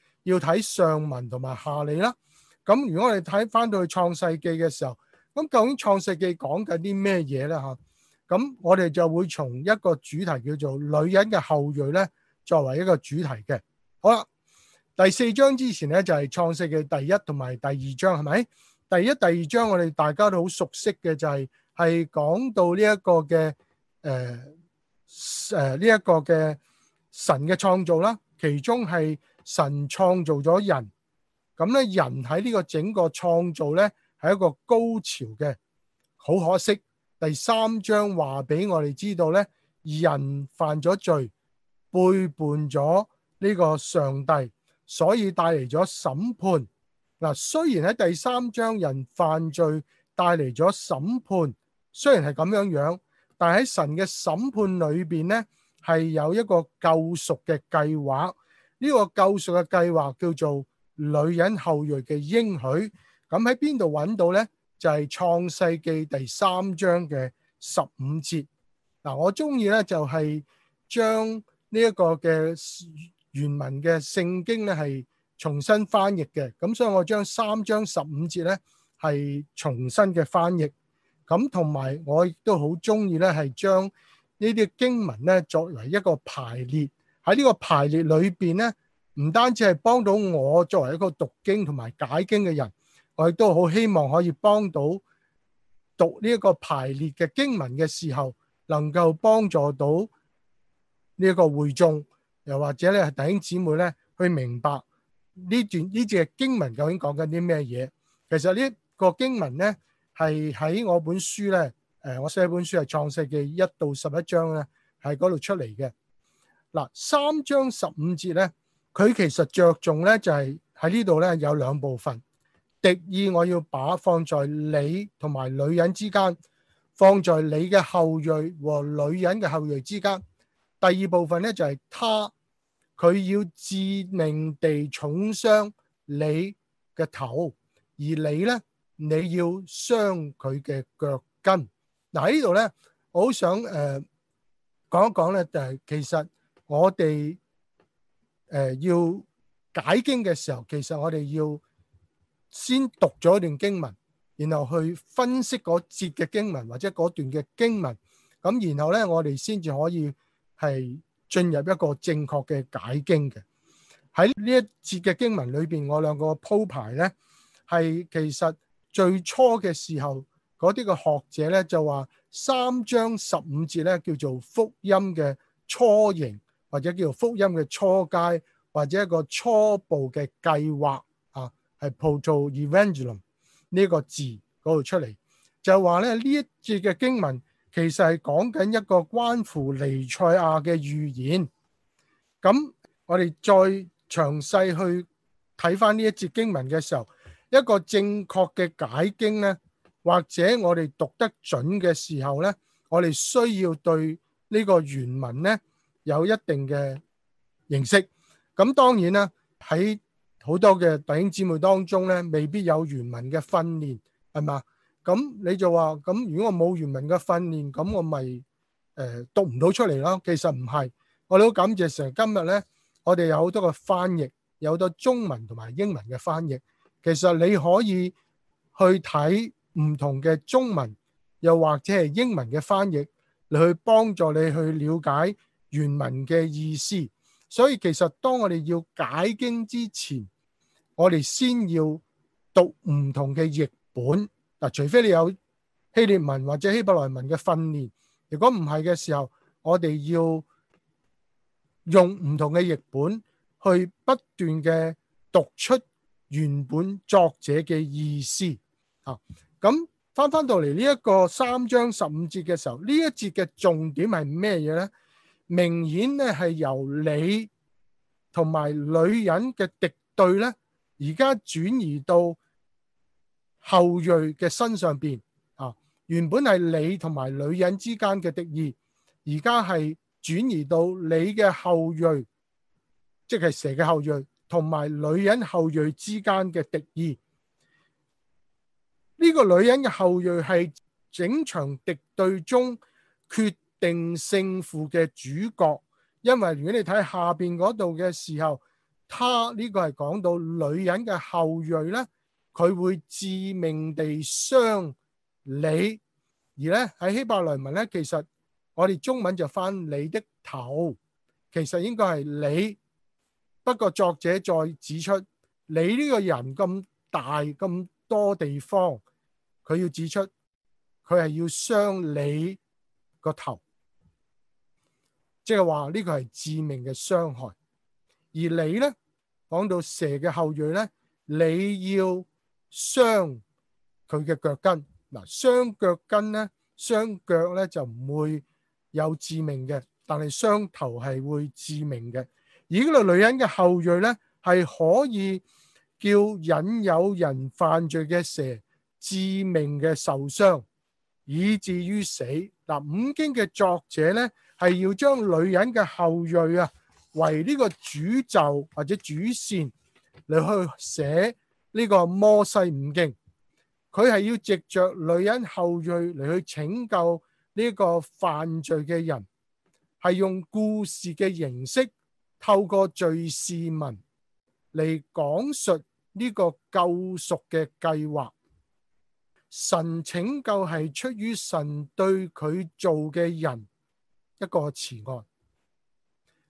要睇上文同埋下理啦。咁如果我哋睇返到去創世記嘅時候，咁究竟創世記講緊啲咩嘢咧？嚇，咁我哋就會從一個主題叫做女人嘅後裔咧，作為一個主題嘅。好啦，第四章之前咧就係創世記第一同埋第二章，係咪？第一、第二章我哋大家都好熟悉嘅，就係係講到呢一個嘅誒誒呢一個嘅神嘅創造啦，其中係。神創造咗人，咁咧人喺呢個整個創造呢係一個高潮嘅。好可惜，第三章話俾我哋知道呢，人犯咗罪，背叛咗呢個上帝，所以帶嚟咗審判。嗱，雖然喺第三章人犯罪帶嚟咗審判，雖然係咁樣樣，但喺神嘅審判裏邊呢，係有一個救贖嘅計劃。呢、這個救贖嘅計劃叫做女人後裔嘅應許，咁喺邊度揾到呢？就係、是、創世記第三章嘅十五節。嗱，我中意呢，就係將呢一個嘅原文嘅聖經呢係重新翻譯嘅，咁所以我將三章十五節呢係重新嘅翻譯。咁同埋我亦都好中意呢，係將呢啲經文呢作為一個排列。喺呢個排列裏邊咧，唔單止係幫到我作為一個讀經同埋解經嘅人，我亦都好希望可以幫到讀呢一個排列嘅經文嘅時候，能夠幫助到呢一個會眾，又或者咧係弟兄姊妹咧，去明白呢段呢隻經文究竟講緊啲咩嘢。其實呢個經文咧係喺我本書咧，誒，我寫本書係創世記一到十一章咧，喺嗰度出嚟嘅。嗱，三章十五節咧，佢其實着重咧就係喺呢度咧有兩部分。敵意我要把放在你同埋女人之間，放在你嘅後裔和女人嘅後裔之間。第二部分咧就係他，佢要致命地重傷你嘅頭，而你咧你要傷佢嘅腳跟。嗱，喺呢度咧，我好想誒講一講咧就係其實。我哋誒、呃、要解經嘅時候，其實我哋要先讀咗一段經文，然後去分析嗰節嘅經文或者嗰段嘅經文。咁然後咧，我哋先至可以係進入一個正確嘅解經嘅。喺呢一節嘅經文裏邊，我兩個鋪排咧，係其實最初嘅時候，嗰啲嘅學者咧就話三章十五節咧叫做福音嘅初型，或者叫福音嘅初階，或者一個初步嘅計劃啊，係 proto-evangelium 呢個字嗰度出嚟，就話咧呢，這一節嘅經文其實係講緊一個關乎彌賽亞嘅預言。咁我哋再詳細去睇返呢一節經文嘅時候，一個正確嘅解經咧，或者我哋讀得準嘅時候咧，我哋需要對呢個原文咧，有一定嘅認識，咁當然啦，喺好多嘅弟兄姊妹當中呢，未必有原文嘅訓練，係嘛？咁你就話咁，如果我冇原文嘅訓練，咁我咪誒讀唔到出嚟咯？其實唔係，我哋好感謝神。今日呢，我哋有好多個翻譯，有好多中文同埋英文嘅翻譯。其實你可以去睇唔同嘅中文，又或者係英文嘅翻譯，你去幫助你去了解。原文嘅意思，所以其實當我哋要解經之前，我哋先要讀唔同嘅譯本嗱，除非你有希臘文或者希伯來文嘅訓練，如果唔係嘅時候，我哋要用唔同嘅譯本去不斷嘅讀出原本作者嘅意思啊。咁翻翻到嚟呢一個三章十五節嘅時候，呢一節嘅重點係咩嘢呢？明顯咧，係由你同埋女人嘅敵對咧，而家轉移到後裔嘅身上邊啊！原本係你同埋女人之間嘅敵意，而家係轉移到你嘅後裔，即係蛇嘅後裔同埋女人後裔之間嘅敵意。呢個女人嘅後裔係整場敵對中缺。定勝負嘅主角，因為如果你睇下面嗰度嘅時候，他呢個是講到女人嘅後裔，佢會致命地傷你。而呢，喺希伯來文呢，其實我哋中文就翻你的頭，其實應該是你，不過作者再指出你呢個人咁大，咁多地方，佢要指出佢係要傷你個頭。即是說，這個是致命的傷害。而你呢，講到蛇的後裔呢，你要傷它的腳筋。傷腳筋呢，傷腳呢，就不會有致命的。但是傷頭是會致命的。而這個女人的後裔呢，是可以叫引有人犯罪的蛇，致命的受傷。以至於死。嗱，《五經》嘅作者呢，係要將女人嘅後裔啊，為呢個主軸或者主線嚟去寫呢個摩西五經。佢係要藉着女人後裔嚟去拯救呢個犯罪嘅人，係用故事嘅形式，透過敘事文嚟講述呢個救贖嘅計劃。神拯救係出於神對佢做嘅人一個慈愛，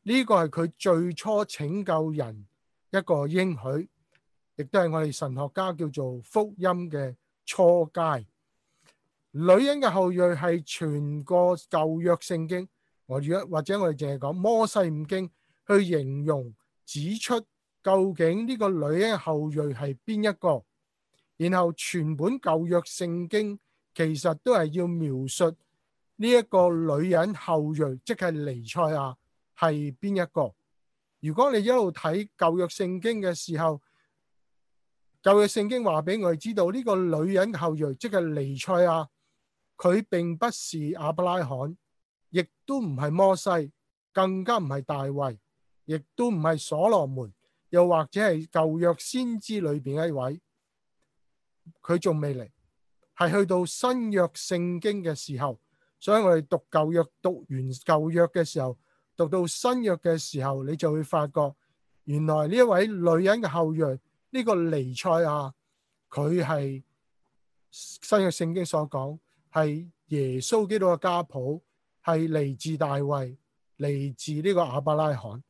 呢個係佢最初拯救人一個應許，亦都係我哋神學家叫做福音嘅初階。女人嘅後裔係全個舊約聖經，我約或者我哋淨係講摩西五經去形容指出，究竟呢個女人嘅後裔係邊一個？然後全本舊約聖經其實都係要描述呢一個女人後裔，即係彌賽亞係邊一個？如果你一路睇舊約聖經嘅時候，舊約聖經話俾我哋知道呢個女人後裔，即係彌賽亞，佢並不是亞伯拉罕，亦都唔係摩西，更加唔係大衛，亦都唔係所羅門，又或者係舊約先知裏邊一位。佢仲未嚟，係去到新約聖經嘅時候，所以我哋讀舊約，讀完舊約嘅時候，讀到新約嘅時候，你就會發覺，原來呢一位女人嘅後裔，呢、這個尼賽亞，佢係新約聖經所講係耶穌基督嘅家譜，係嚟自大衛，嚟自呢個阿伯拉罕。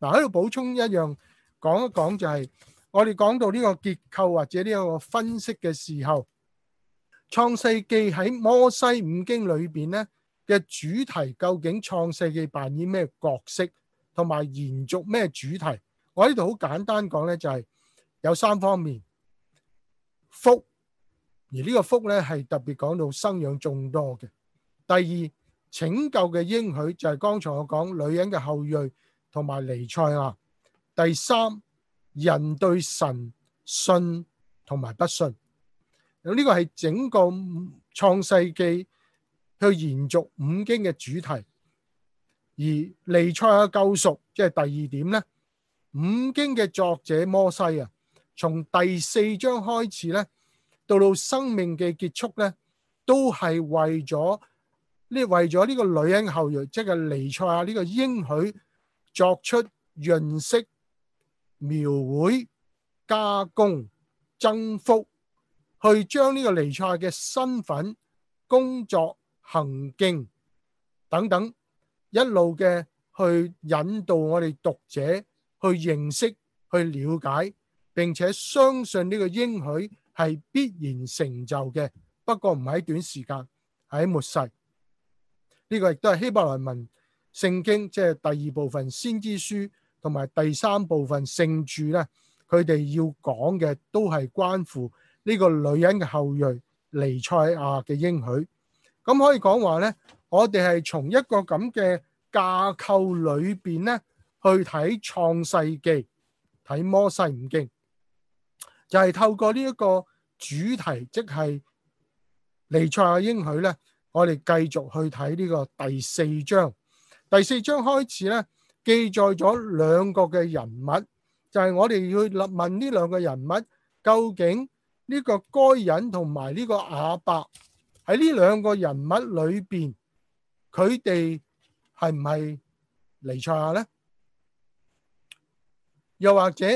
嗱，喺度補充一樣，講一講就係、是。我哋講到呢個結構或者呢個分析嘅時候，創世記喺摩西五經裏邊呢嘅主題，究竟創世記扮演咩角色，同埋延續咩主題？我喺呢度好簡單講呢，就係有三方面：福，而呢個福呢，係特別講到生養眾多嘅。第二，拯救嘅應許就係剛才我講女人嘅後裔同埋彌賽亞。第三。人對神信同埋不信，有、這、呢個係整個創世記去延續五經嘅主題。而尼賽亞救贖，即係第二點咧。五經嘅作者摩西啊，從第四章開始咧，到到生命嘅結束咧，都係為咗呢，為咗呢個女人後裔，即係尼賽亞呢個應許作出認識。描繪、加工、增幅，去將呢個尼賽嘅身份、工作、行徑等等，一路嘅去引導我哋讀者去認識、去了解，並且相信呢個應許係必然成就嘅。不過唔係喺短時間，喺末世。呢個亦都係希伯來文聖經，即係第二部分先知書。同埋第三部分聖柱咧，佢哋要講嘅都係關乎呢個女人嘅後裔彌賽亞嘅應許。咁可以講話咧，我哋係從一個咁嘅架構裏面，咧，去睇創世記，睇摩西五經，就係、是、透過呢一個主題，即係彌賽亞應許咧，我哋繼續去睇呢個第四章。第四章開始咧。記載咗兩個嘅人物，就係我哋要去問呢兩個人物，究竟呢個該人同埋呢個亞伯喺呢兩個人物裏邊，佢哋係唔係尼賽亞呢？又或者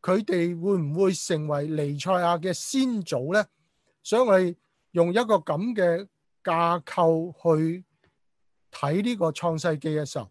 佢哋會唔會成為尼賽亞嘅先祖呢？所以我哋用一個咁嘅架構去睇呢個創世記嘅時候。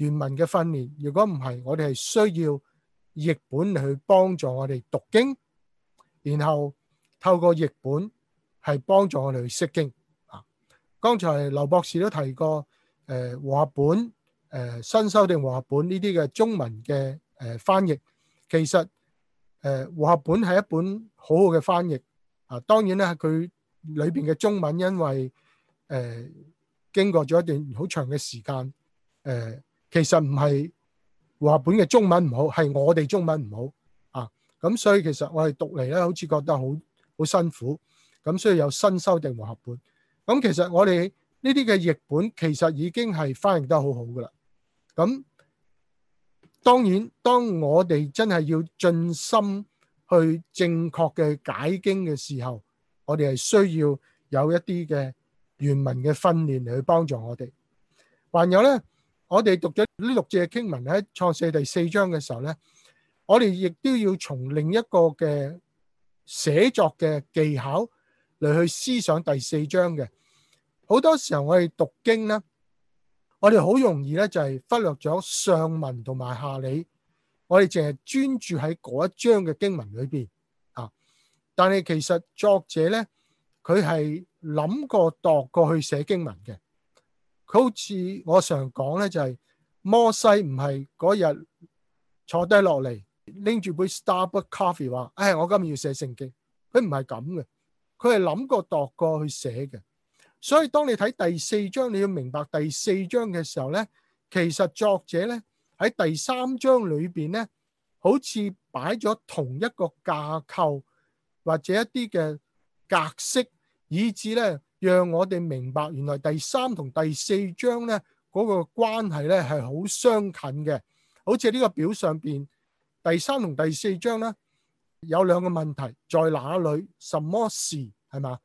原文嘅訓練，如果唔係，我哋係需要譯本去幫助我哋讀經，然後透過譯本係幫助我哋去識經。啊，剛才劉博士都提過，誒、呃《和合本》誒、呃、新修定《和合本》呢啲嘅中文嘅誒、呃、翻譯，其實誒、呃、《和合本》係一本很好好嘅翻譯啊。當然咧，佢裏邊嘅中文因為誒、呃、經過咗一段好長嘅時間誒。呃其實唔係和合本嘅中文唔好，係我哋中文唔好啊！咁所以其實我哋讀嚟咧，好似覺得好好辛苦。咁所以有新修訂和合本。咁其實我哋呢啲嘅譯本其實已經係翻譯得好好㗎喇。咁當然，當我哋真係要盡心去正確嘅解經嘅時候，我哋係需要有一啲嘅原文嘅訓練嚟去幫助我哋。還有呢。我哋讀咗呢六節嘅經文喺創世第四章嘅時候咧，我哋亦都要從另一個嘅寫作嘅技巧嚟去思想第四章嘅。好多時候我哋讀經咧，我哋好容易咧就係忽略咗上文同埋下理，我哋淨係專注喺嗰一章嘅經文裏邊啊。但係其實作者咧，佢係諗過度過去寫經文嘅。佢好似我常講咧，就係摩西唔係嗰日坐低落嚟拎住杯 Starbucks coffee 話：誒、哎，我今日要寫聖經。佢唔係咁嘅，佢係諗過度過去寫嘅。所以當你睇第四章，你要明白第四章嘅時候咧，其實作者咧喺第三章裏面咧，好似擺咗同一個架構或者一啲嘅格式，以至咧。讓我哋明白，原來第三同第四章呢嗰，嗰個關係呢係好相近嘅，好似呢個表上邊，第三同第四章呢，有兩個問題，在哪裏，什麼事係嘛？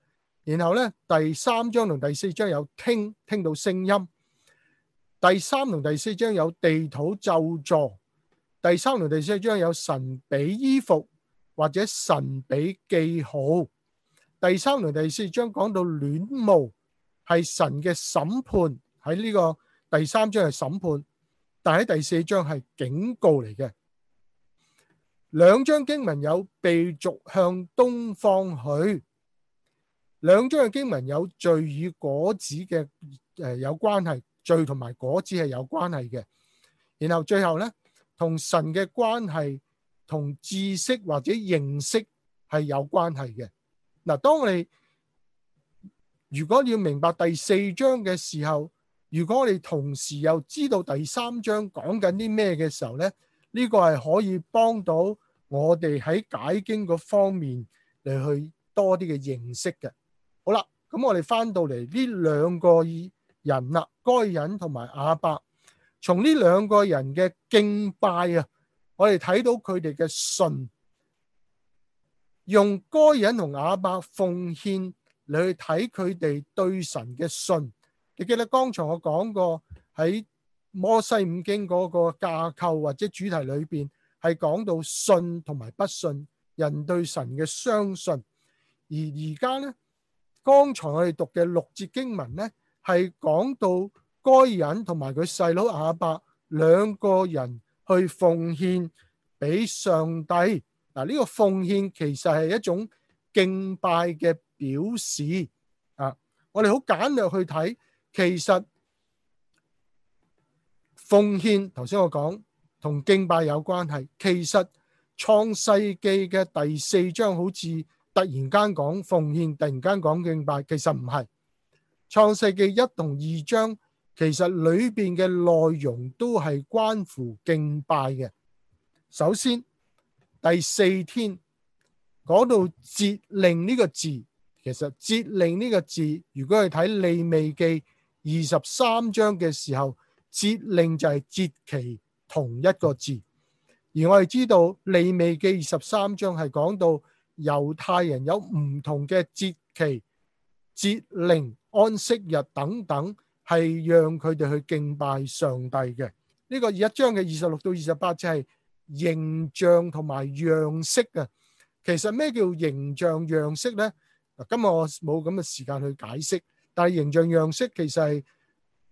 然後呢，第三章同第四章有聽聽到聲音，第三同第四章有地土咒詛，第三同第四章有神俾衣服或者神俾記號。第三輪第四章講到戀慕係神嘅審判喺呢個第三章係審判，但喺第四章係警告嚟嘅。兩章經文有被逐向東方去，兩章嘅經文有罪與果子嘅誒有關係，罪同埋果子係有關係嘅。然後最後呢，同神嘅關係同知識或者認識係有關係嘅。嗱，當你，如果要明白第四章嘅時候，如果我哋同時又知道第三章講緊啲咩嘅時候呢，呢個係可以幫到我哋喺解經嗰方面嚟去多啲嘅認識嘅。好啦，咁我哋翻到嚟呢兩個人啦，該隱同埋亞伯，從呢兩個人嘅敬拜啊，我哋睇到佢哋嘅信。用該隱同亞伯奉獻嚟去睇佢哋對神嘅信，你記得剛才我講過喺摩西五經嗰個架構或者主題裏邊係講到信同埋不信人對神嘅相信，而而家呢，剛才我哋讀嘅六節經文呢，係講到該隱同埋佢細佬亞伯兩個人去奉獻俾上帝。嗱，呢個奉獻其實係一種敬拜嘅表示啊！我哋好簡略去睇，其實奉獻頭先我講同敬拜有關係。其實創世記嘅第四章好似突然間講奉獻，突然間講敬拜，其實唔係。創世記一同二章其實裏邊嘅內容都係關乎敬拜嘅。首先。第四天講到節令呢個字，其實節令呢個字，如果去睇利未記二十三章嘅時候，節令就係節期同一個字。而我哋知道利未記二十三章係講到猶太人有唔同嘅節期、節令、安息日等等，係讓佢哋去敬拜上帝嘅。呢、這個一章嘅二十六到二十八就係、是。形象同埋樣式啊，其實咩叫形象樣式呢？今日我冇咁嘅時間去解釋，但係形象樣式其實係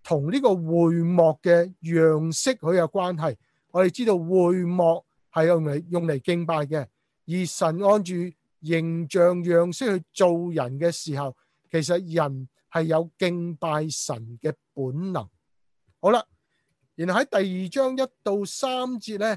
同呢個會幕嘅樣式佢有關係。我哋知道會幕係用嚟用嚟敬拜嘅，而神按住形象樣式去做人嘅時候，其實人係有敬拜神嘅本能。好啦，然後喺第二章一到三節呢。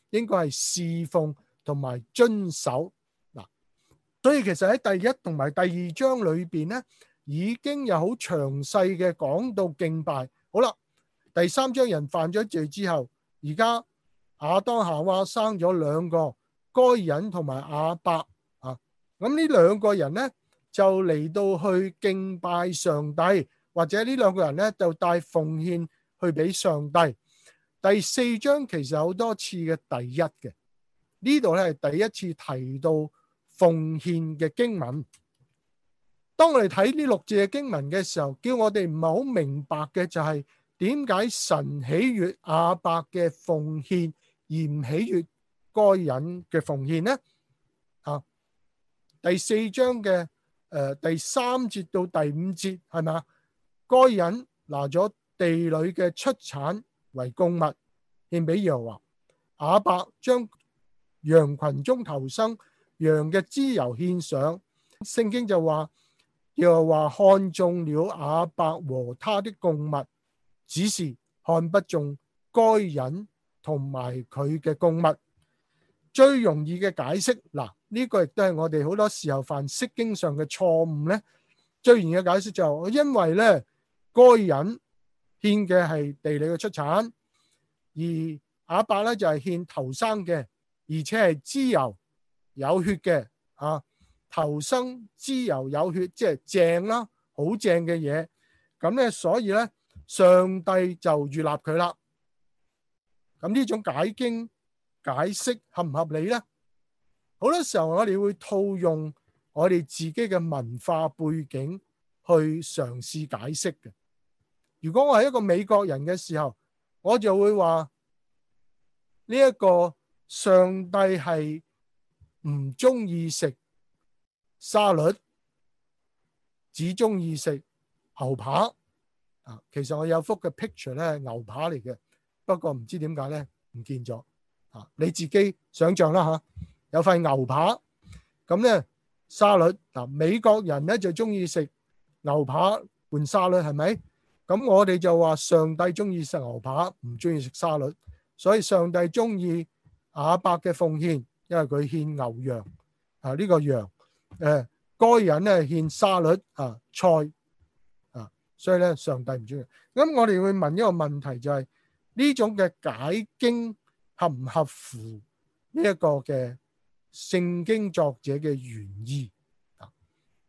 應該係侍奉同埋遵守嗱，所以其實喺第一同埋第二章裏邊呢，已經有好詳細嘅講到敬拜。好啦，第三章人犯咗罪之後，而家亞當夏娃生咗兩個該隱同埋亞伯啊，咁呢兩個人呢就嚟到去敬拜上帝，或者呢兩個人呢就帶奉獻去俾上帝。第四章其實好多次嘅第一嘅呢度咧，係第一次提到奉獻嘅經文。當我哋睇呢六字嘅經文嘅時候，叫我哋唔係好明白嘅就係點解神喜悅亞伯嘅奉獻而唔喜悅該人嘅奉獻呢？啊，第四章嘅，誒、呃、第三節到第五節係咪？該人拿咗地裏嘅出產。為供物獻俾耶和華，亞伯將羊群中頭生羊嘅脂油獻上。聖經就話，又話看中了亞伯和他的供物，只是看不中該人同埋佢嘅供物。最容易嘅解釋嗱，呢個亦都係我哋好多時候犯釋經上嘅錯誤咧。最容易嘅解釋就是，因為咧該人。獻嘅係地理嘅出產，而阿伯咧就係獻頭生嘅，而且係脂油有血嘅啊！頭生脂油有血，即係正啦，好正嘅嘢。咁咧，所以咧，上帝就預立佢啦。咁呢種解經解釋合唔合理咧？好多時候我哋會套用我哋自己嘅文化背景去嘗試解釋嘅。如果我係一個美國人嘅時候，我就會話呢一個上帝係唔中意食沙律，只中意食牛扒啊！其實我有幅嘅 picture 咧，係牛扒嚟嘅，不過唔知點解咧，唔見咗啊！你自己想象啦吓，有塊牛扒咁咧沙律嗱，美國人咧就中意食牛扒換沙律，係咪？咁我哋就話上帝中意食牛扒，唔中意食沙律，所以上帝中意亞伯嘅奉獻，因為佢獻牛羊啊，呢個羊，誒，該隱咧獻沙律啊、菜啊，所以咧上帝唔中意。咁我哋會問一個問題，就係呢種嘅解經合唔合乎呢一個嘅聖經作者嘅原意啊？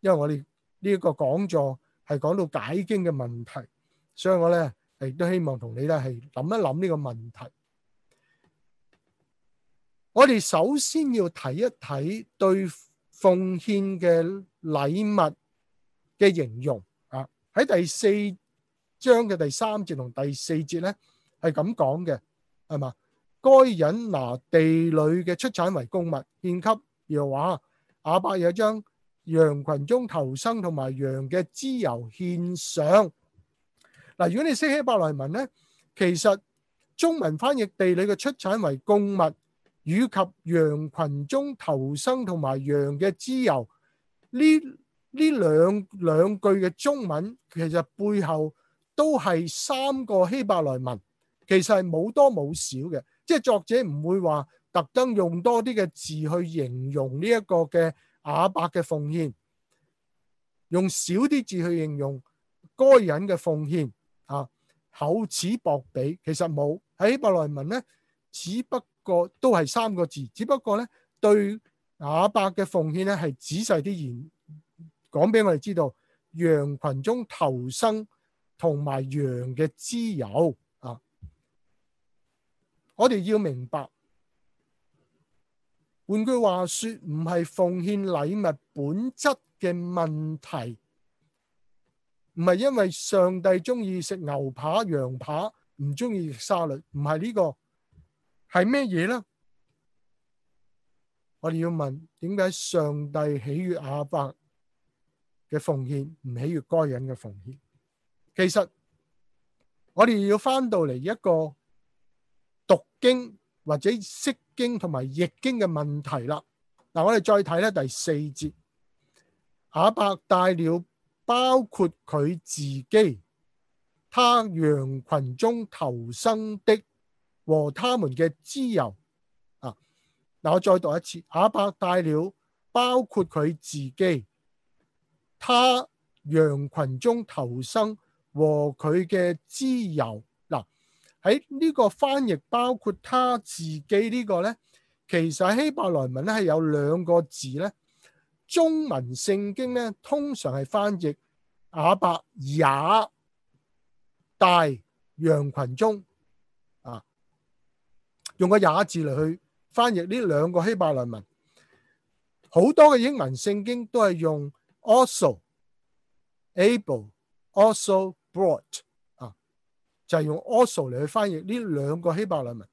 因為我哋呢一個講座係講到解經嘅問題。所以我咧亦都希望同你咧係諗一諗呢個問題。我哋首先要睇一睇對奉獻嘅禮物嘅形容啊，喺第四章嘅第三節同第四節咧係咁講嘅，係嘛？該隱拿地裏嘅出產為供物，獻給耶和華，亞伯有將羊羣中頭生同埋羊嘅脂油獻上。嗱，如果你識希伯來文呢，其實中文翻譯地裡嘅出產為供物，以及羊群中頭生同埋羊嘅脂油。呢呢兩兩句嘅中文其實背後都係三個希伯來文，其實係冇多冇少嘅，即係作者唔會話特登用多啲嘅字去形容呢一個嘅亞伯嘅奉獻，用少啲字去形容該隱嘅奉獻。啊！厚此薄彼，其實冇喺希伯來文咧，只不過都係三個字，只不過咧，對亞伯嘅奉獻咧係仔細啲言講俾我哋知道，羊群中頭生同埋羊嘅脂油。啊！我哋要明白，換句話說，唔係奉獻禮物本質嘅問題。唔係因為上帝中意食牛扒、羊扒，唔中意食沙律，唔係呢個，係咩嘢咧？我哋要問點解上帝喜悅亞伯嘅奉獻，唔喜悅該隱嘅奉獻？其實我哋要返到嚟一個讀經或者釋經同埋譯經嘅問題啦。嗱，我哋再睇咧第四節，亞伯帶了。包括佢自己，他羊群中頭生的和他們嘅脂油。啊！嗱，我再讀一次，亞伯帶了包括佢自己，他羊群中頭生和佢嘅脂油。嗱、啊，喺呢個翻譯包括他自己這個呢個咧，其實希伯來文咧係有兩個字咧。中文聖經咧，通常係翻譯亞伯也大羊群中啊，用個也字嚟去翻譯呢兩個希伯來文。好多嘅英文聖經都係用 also able also brought 啊，就係、是、用 also 嚟去翻譯呢兩個希伯來文。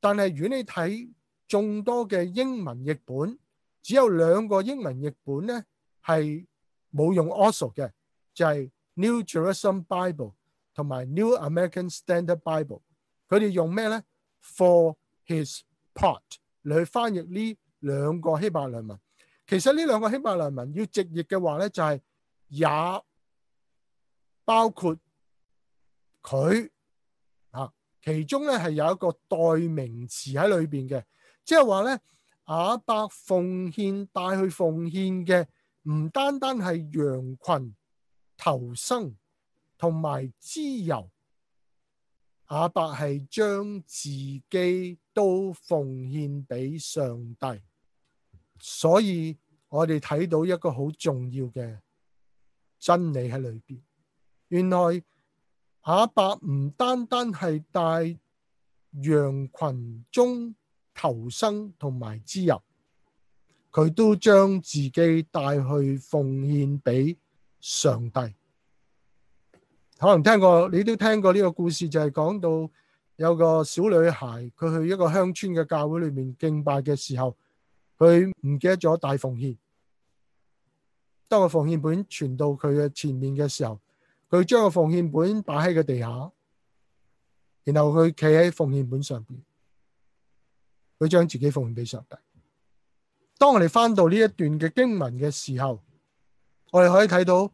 但係如果你睇眾多嘅英文譯本，只有兩個英文譯本咧係冇用 also 嘅，就係、是、New Jerusalem Bible 同埋 New American Standard Bible。佢哋用咩咧？For his part 嚟去翻譯呢兩個希伯來文。其實呢兩個希伯來文要直譯嘅話咧，就係、是、也包括佢。其中咧係有一個代名詞喺裏面嘅，即係話咧。亞伯奉獻，帶去奉獻嘅唔單單係羊群、頭生同埋脂油，亞伯係將自己都奉獻俾上帝，所以我哋睇到一個好重要嘅真理喺裏邊。原來亞伯唔單單係帶羊群中。求生同埋自由，佢都將自己帶去奉獻俾上帝。可能聽過，你都聽過呢個故事，就係講到有個小女孩，佢去一個鄉村嘅教會裏面敬拜嘅時候，佢唔記得咗帶奉獻。當個奉獻本傳到佢嘅前面嘅時候，佢將個奉獻本擺喺個地下，然後佢企喺奉獻本上面。佢將自己奉獻俾上帝。當我哋翻到呢一段嘅經文嘅時候，我哋可以睇到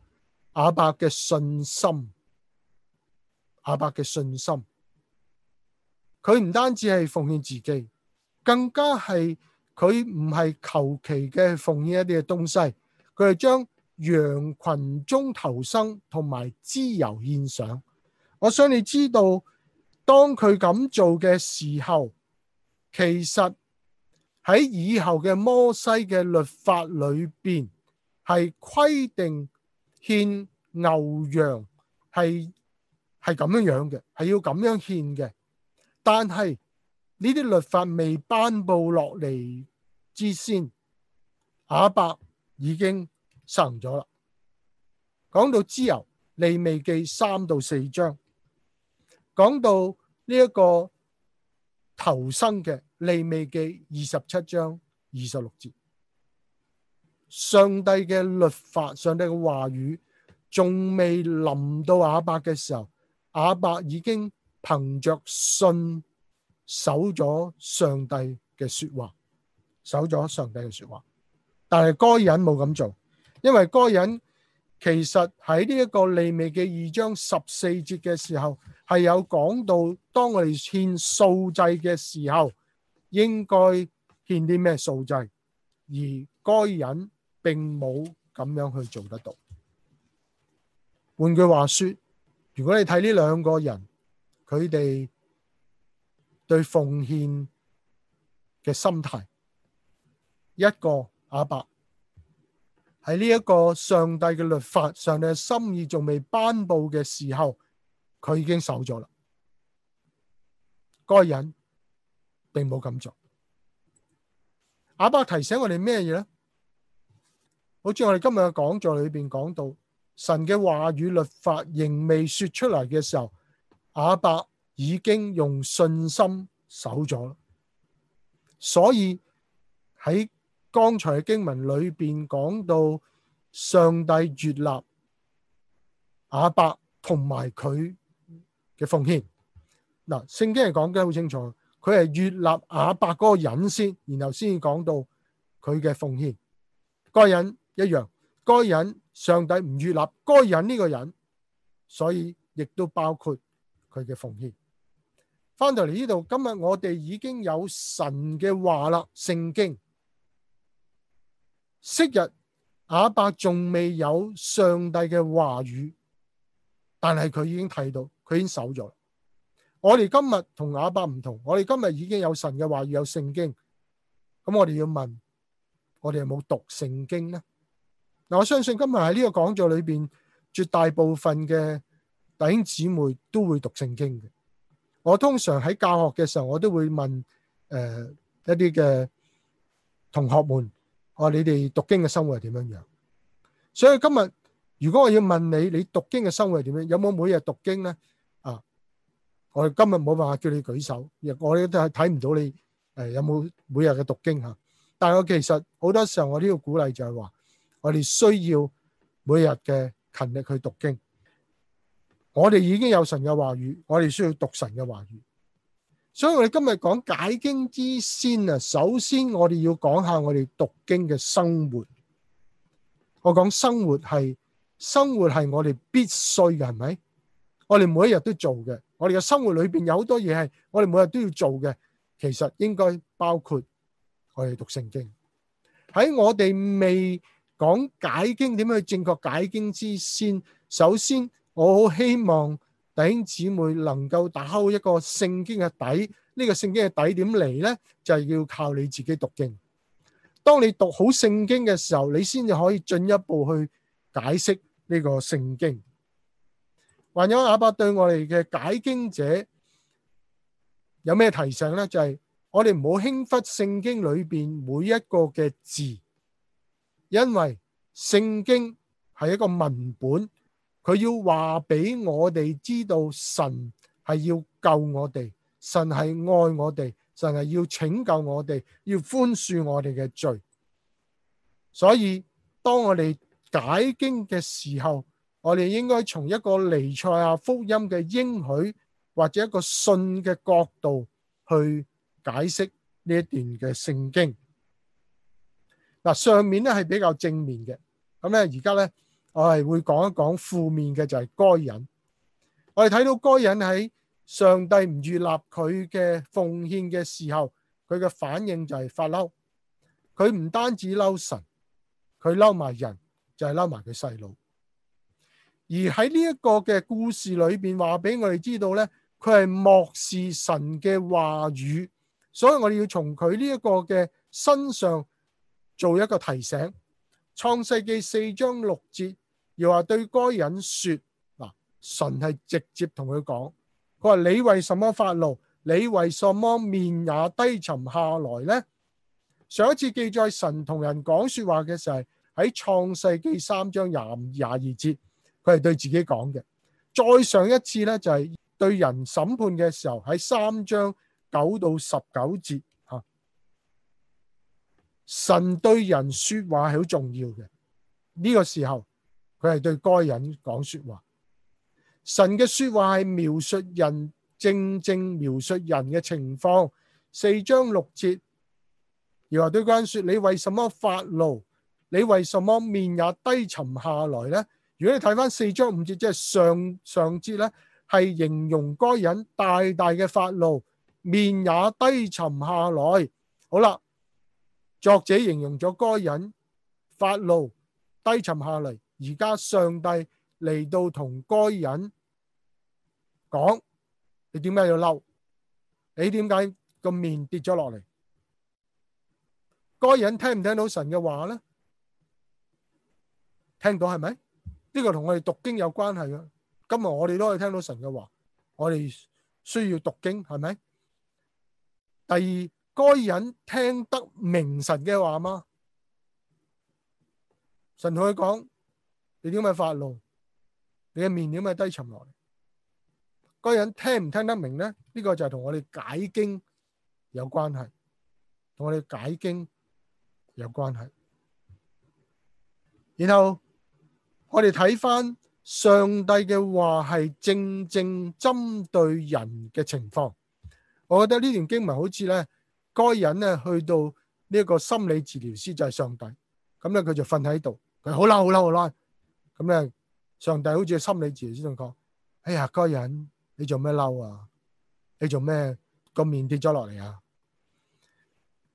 亞伯嘅信心，亞伯嘅信心。佢唔單止係奉獻自己，更加係佢唔係求其嘅奉獻一啲嘅東西，佢係將羊群中頭生同埋脂油獻上。我想你知道，當佢咁做嘅時候。其實喺以後嘅摩西嘅律法裏邊，係規定獻牛羊係係咁樣樣嘅，係要咁樣獻嘅。但係呢啲律法未頒布落嚟之先，亞伯已經實行咗啦。講到脂油，利未記三到四章，講到呢一個頭生嘅。利未記二十七章二十六節，上帝嘅律法、上帝嘅話語仲未臨到亞伯嘅時候，亞伯已經憑着信守咗上帝嘅說話，守咗上帝嘅說話。但係該隱冇咁做，因為該隱其實喺呢一個利未記二章十四節嘅時候，係有講到當我哋獻素祭嘅時候。應該獻啲咩素祭，而該人並冇咁樣去做得到。換句話說，如果你睇呢兩個人，佢哋對奉獻嘅心態，一個阿伯喺呢一個上帝嘅律法、上帝嘅心意仲未頒布嘅時候，佢已經守咗啦。該人。並冇咁做。亞伯提醒我哋咩嘢咧？好似我哋今日嘅講座裏邊講到，神嘅話語律法仍未說出嚟嘅時候，亞伯已經用信心守咗。所以喺剛才嘅經文裏邊講到，上帝悅納亞伯同埋佢嘅奉獻。嗱，聖經係講得好清楚。佢係悅納亞伯嗰個人先，然後先至講到佢嘅奉獻。該隱一樣，該隱上帝唔悅納，該隱呢個人，所以亦都包括佢嘅奉獻。翻到嚟呢度，今日我哋已經有神嘅話啦，聖經，昔日亞伯仲未有上帝嘅話語，但係佢已經睇到，佢已經守咗。我哋今日同亞伯唔同，我哋今日已經有神嘅話語，要有聖經。咁我哋要問，「我哋有冇讀聖經呢？」嗱，我相信今日喺呢個講座裏邊，絕大部分嘅弟兄姊妹都會讀聖經嘅。我通常喺教學嘅時候，我都會問誒、呃、一啲嘅同學們，哦，你哋讀經嘅生活係點樣樣？所以今日如果我要問你，你讀經嘅生活係點樣？有冇每日讀經呢？我哋今日冇辦法叫你舉手，亦我哋都係睇唔到你誒，有冇每日嘅讀經吓。但係我其實好多時候我都要鼓勵就係話，我哋需要每日嘅勤力去讀經。我哋已經有神嘅話語，我哋需要讀神嘅話語。所以我哋今日講解經之先啊，首先我哋要講下我哋讀經嘅生活。我講生活係生活係我哋必須嘅，係咪？我哋每一日都做嘅。我哋嘅生活裏邊有好多嘢係我哋每日都要做嘅，其實應該包括我哋讀聖經。喺我哋未講解經點樣去正確解經之先，首先我好希望弟兄姊妹能夠打好一個聖經嘅底。呢個聖經嘅底點嚟呢？就係要靠你自己讀經。當你讀好聖經嘅時候，你先至可以進一步去解釋呢個聖經。還有阿伯對我哋嘅解經者有咩提醒呢？就係我哋唔好輕忽聖經裏邊每一個嘅字，因為聖經係一個文本，佢要話俾我哋知道神係要救我哋，神係愛我哋，神係要拯救我哋，要寬恕我哋嘅罪。所以當我哋解經嘅時候，我哋應該從一個尼賽亞福音嘅應許或者一個信嘅角度去解釋呢一段嘅聖經。嗱，上面咧係比較正面嘅，咁咧而家咧我係會講一講負面嘅，就係該隱。我哋睇到該隱喺上帝唔悅納佢嘅奉獻嘅時候，佢嘅反應就係發嬲。佢唔單止嬲神，佢嬲埋人，就係嬲埋佢細佬。而喺呢一個嘅故事裏邊，話俾我哋知道呢佢係漠視神嘅話語，所以我哋要從佢呢一個嘅身上做一個提醒。創世紀四章六節，又話對該人說：嗱，神係直接同佢講，佢話你為什麼發怒？你為什麼面也低沉下來呢？」上一次記載神同人講說話嘅時候，喺創世紀三章廿五廿二節。佢係對自己講嘅，再上一次呢，就係對人審判嘅時候，喺三章九到十九節吓，神對人說話係好重要嘅。呢個時候佢係對該人講說話，神嘅說話係描述人正正描述人嘅情況。四章六節，又話對嗰人說：你為什麼發怒？你為什麼面也低沉下來呢？」如果你睇翻四章五節，即係上上節咧，係形容該隱大大嘅發怒，面也低沉下來。好啦，作者形容咗該隱發怒、低沉下嚟。而家上帝嚟到同該隱講：你點解要嬲？你點解個面跌咗落嚟？該隱聽唔聽到神嘅話咧？聽到係咪？呢個同我哋讀經有關係嘅，今日我哋都可以聽到神嘅話，我哋需要讀經，係咪？第二，該人聽得明神嘅話嗎？神同佢講：你點解發怒？你嘅面點解低沉落嚟？該人聽唔聽得明咧？呢個就係同我哋解經有關係，同我哋解經有關係。然後。我哋睇翻上帝嘅話係正正針對人嘅情況，我覺得呢段經文好似咧，該隱咧去到呢一個心理治療師就係上帝，咁咧佢就瞓喺度，佢好嬲好嬲好嬲，咁咧上帝好似心理治療師咁講，哎呀，該隱你做咩嬲啊？你做咩個面跌咗落嚟啊？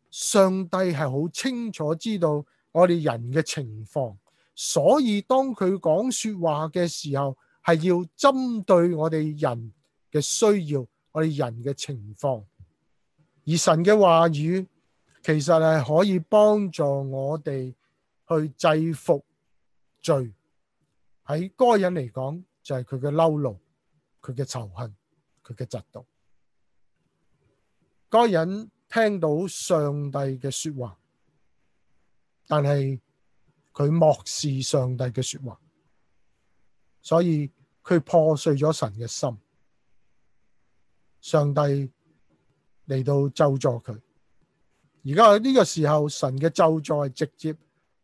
上帝係好清楚知道我哋人嘅情況。所以當佢講說話嘅時候，係要針對我哋人嘅需要，我哋人嘅情況。而神嘅話語其實係可以幫助我哋去制服罪。喺該人嚟講，就係佢嘅嬲怒、佢嘅仇恨、佢嘅嫉妒。該人聽到上帝嘅說話，但係。佢漠視上帝嘅說話，所以佢破碎咗神嘅心。上帝嚟到咒詛佢，而家喺呢個時候，神嘅咒詛係直接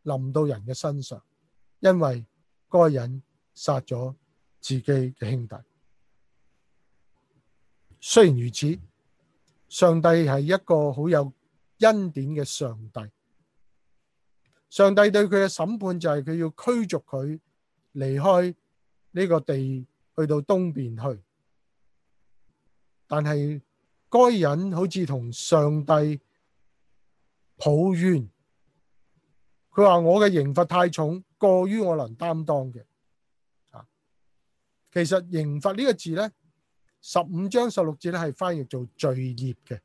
臨到人嘅身上，因為該人殺咗自己嘅兄弟。雖然如此，上帝係一個好有恩典嘅上帝。上帝對佢嘅審判就係佢要驅逐佢離開呢個地，去到東邊去。但係該人好似同上帝抱怨，佢話我嘅刑罰太重，過於我能擔當嘅。啊，其實刑罰呢個字呢，十五章十六節咧係翻譯做罪孽嘅。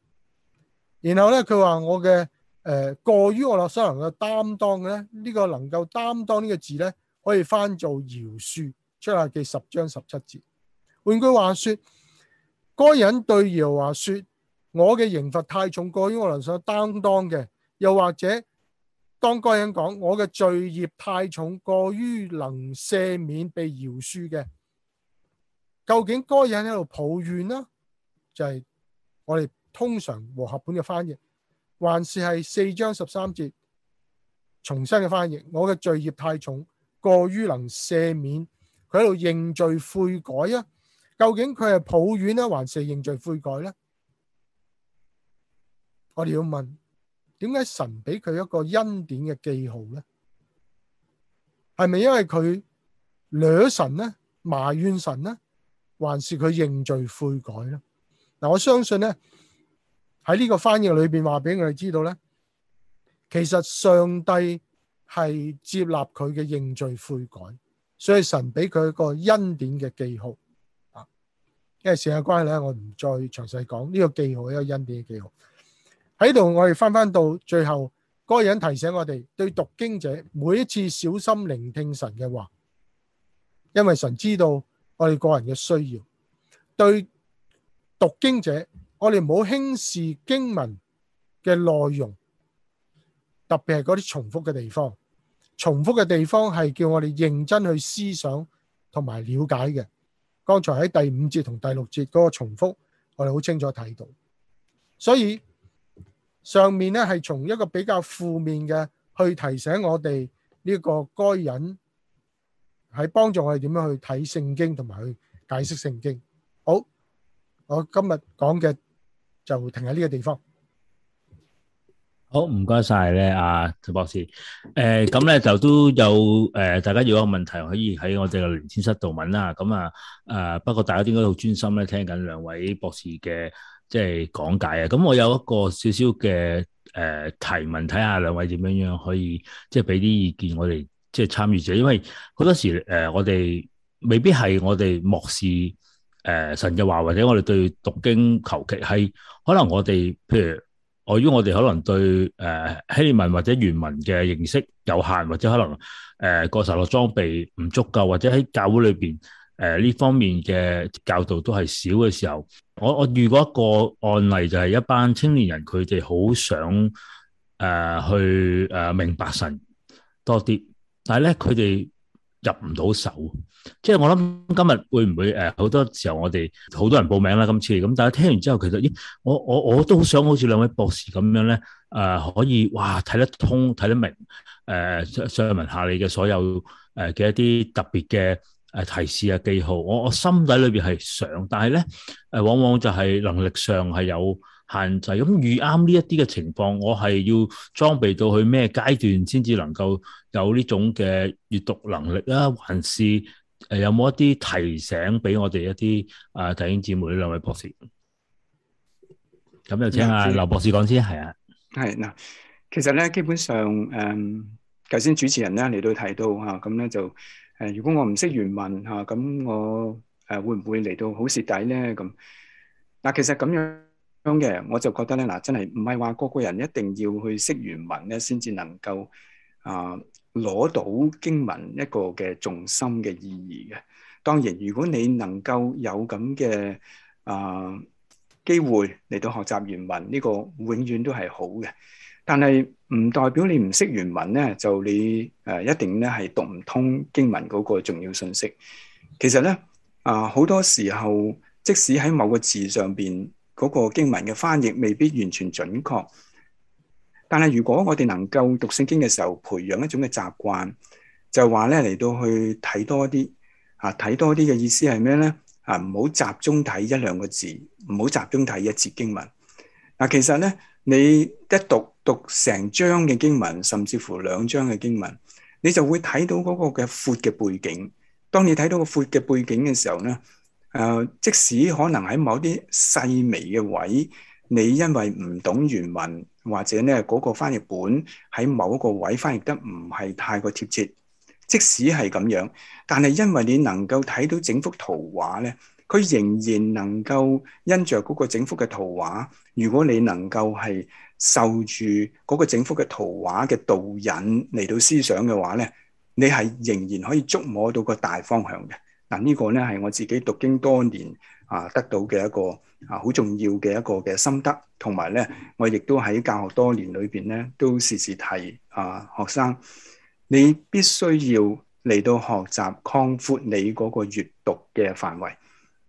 然後呢，佢話我嘅。誒、呃，過於我所能夠擔當嘅咧，呢、這個能夠擔當呢個字咧，可以翻做饒恕。出下記十章十七節，換句話說，該人對耶和華說：我嘅刑罰太重，過於我能所擔當嘅；又或者，當該人講我嘅罪孽太重，過於能赦免被饒恕嘅。究竟該人喺度抱怨啦，就係、是、我哋通常和合本嘅翻譯。還是係四章十三節重新嘅翻譯。我嘅罪孽太重，過於能赦免。佢喺度認罪悔改啊？究竟佢係抱怨咧，還是認罪悔改呢？我哋要問，點解神俾佢一個恩典嘅記號呢？係咪因為佢掠神呢？埋怨神呢？還是佢認罪悔改呢？嗱，我相信呢。喺呢個翻譯裏邊話俾我哋知道咧，其實上帝係接納佢嘅認罪悔改，所以神俾佢一個恩典嘅記號啊。因為時間關係咧，我唔再詳細講呢個記號一個恩典嘅記號。喺度我哋翻翻到最後，嗰個人提醒我哋對讀經者，每一次小心聆聽神嘅話，因為神知道我哋個人嘅需要，對讀經者。我哋唔好輕視經文嘅內容，特別係嗰啲重複嘅地方。重複嘅地方係叫我哋認真去思想同埋了解嘅。剛才喺第五節同第六節嗰個重複，我哋好清楚睇到。所以上面呢係從一個比較負面嘅去提醒我哋呢個該人，係幫助我哋點樣去睇聖經同埋去解釋聖經。好，我今日講嘅。就停喺呢個地方。
好，唔該晒。咧、啊，阿陳博士。誒、呃，咁咧就都有誒、呃，大家如果有問題，可以喺我哋嘅聊天室度問啦。咁啊，誒、呃，不過大家應該好專心咧，聽緊兩位博士嘅即係講解啊。咁我有一個少少嘅誒提問，睇下兩位點樣樣可以即係俾啲意見我，我哋即係參與者，因為好多時誒、呃，我哋未必係我哋漠視。誒、呃，神嘅話或者我哋對讀經求其係，可能我哋譬如，由於我哋可能對誒希、呃、臘文或者原文嘅認識有限，或者可能誒個、呃、神學裝備唔足夠，或者喺教會裏邊誒呢方面嘅教導都係少嘅時候，我我遇過一個案例就係一班青年人佢哋好想誒、呃、去誒明白神多啲，但係咧佢哋。入唔到手，即係我諗今日會唔會誒，好多時候我哋好多人報名啦。今次咁，大家聽完之後，其實咦，我我我都好想好似兩位博士咁樣咧，誒、呃，可以哇睇得通、睇得明，誒、呃，上文下理嘅所有誒嘅一啲特別嘅誒提示啊、記號，我我心底裏邊係想，但係咧誒，往往就係能力上係有。限制咁遇啱呢一啲嘅情況，我係要裝備到去咩階段先至能夠有呢種嘅閱讀能力啦？還是誒有冇一啲提醒俾我哋一啲啊弟兄姊妹呢兩位博士？咁就請阿劉博士講先，係、嗯、啊，
係嗱，其實咧基本上誒，頭、嗯、先主持人咧嚟到提到嚇，咁、啊、咧就誒、啊，如果我唔識原文嚇，咁、啊、我誒、啊、會唔會嚟到好蝕底咧？咁嗱、啊，其實咁樣。咁嘅，我就覺得咧，嗱，真係唔係話個個人一定要去識原文咧，先至能夠啊攞到經文一個嘅重心嘅意義嘅。當然，如果你能夠有咁嘅啊機會嚟到學習原文，呢個永遠都係好嘅。但係唔代表你唔識原文咧，就你誒一定咧係讀唔通經文嗰個重要信息。其實咧啊，好多時候即使喺某個字上邊。嗰、那個經文嘅翻譯未必完全準確，但係如果我哋能夠讀聖經嘅時候，培養一種嘅習慣，就話咧嚟到去睇多啲啊，睇多啲嘅意思係咩咧？啊，唔好、啊、集中睇一兩個字，唔好集中睇一節經文。嗱、啊，其實咧，你一讀讀成章嘅經文，甚至乎兩章嘅經文，你就會睇到嗰個嘅闊嘅背景。當你睇到個闊嘅背景嘅時候咧，誒，即使可能喺某啲細微嘅位，你因為唔懂原文，或者咧嗰個翻譯本喺某一個位翻譯得唔係太過貼切，即使係咁樣，但係因為你能夠睇到整幅圖畫咧，佢仍然能夠因着嗰個整幅嘅圖畫，如果你能夠係受住嗰個整幅嘅圖畫嘅導引嚟到思想嘅話咧，你係仍然可以觸摸到個大方向嘅。嗱，呢個咧，係我自己讀經多年啊，得到嘅一個啊，好重要嘅一個嘅心得，同埋咧我亦都喺教學多年裏邊咧都時時提啊學生，你必須要嚟到學習擴闊你嗰個閱讀嘅範圍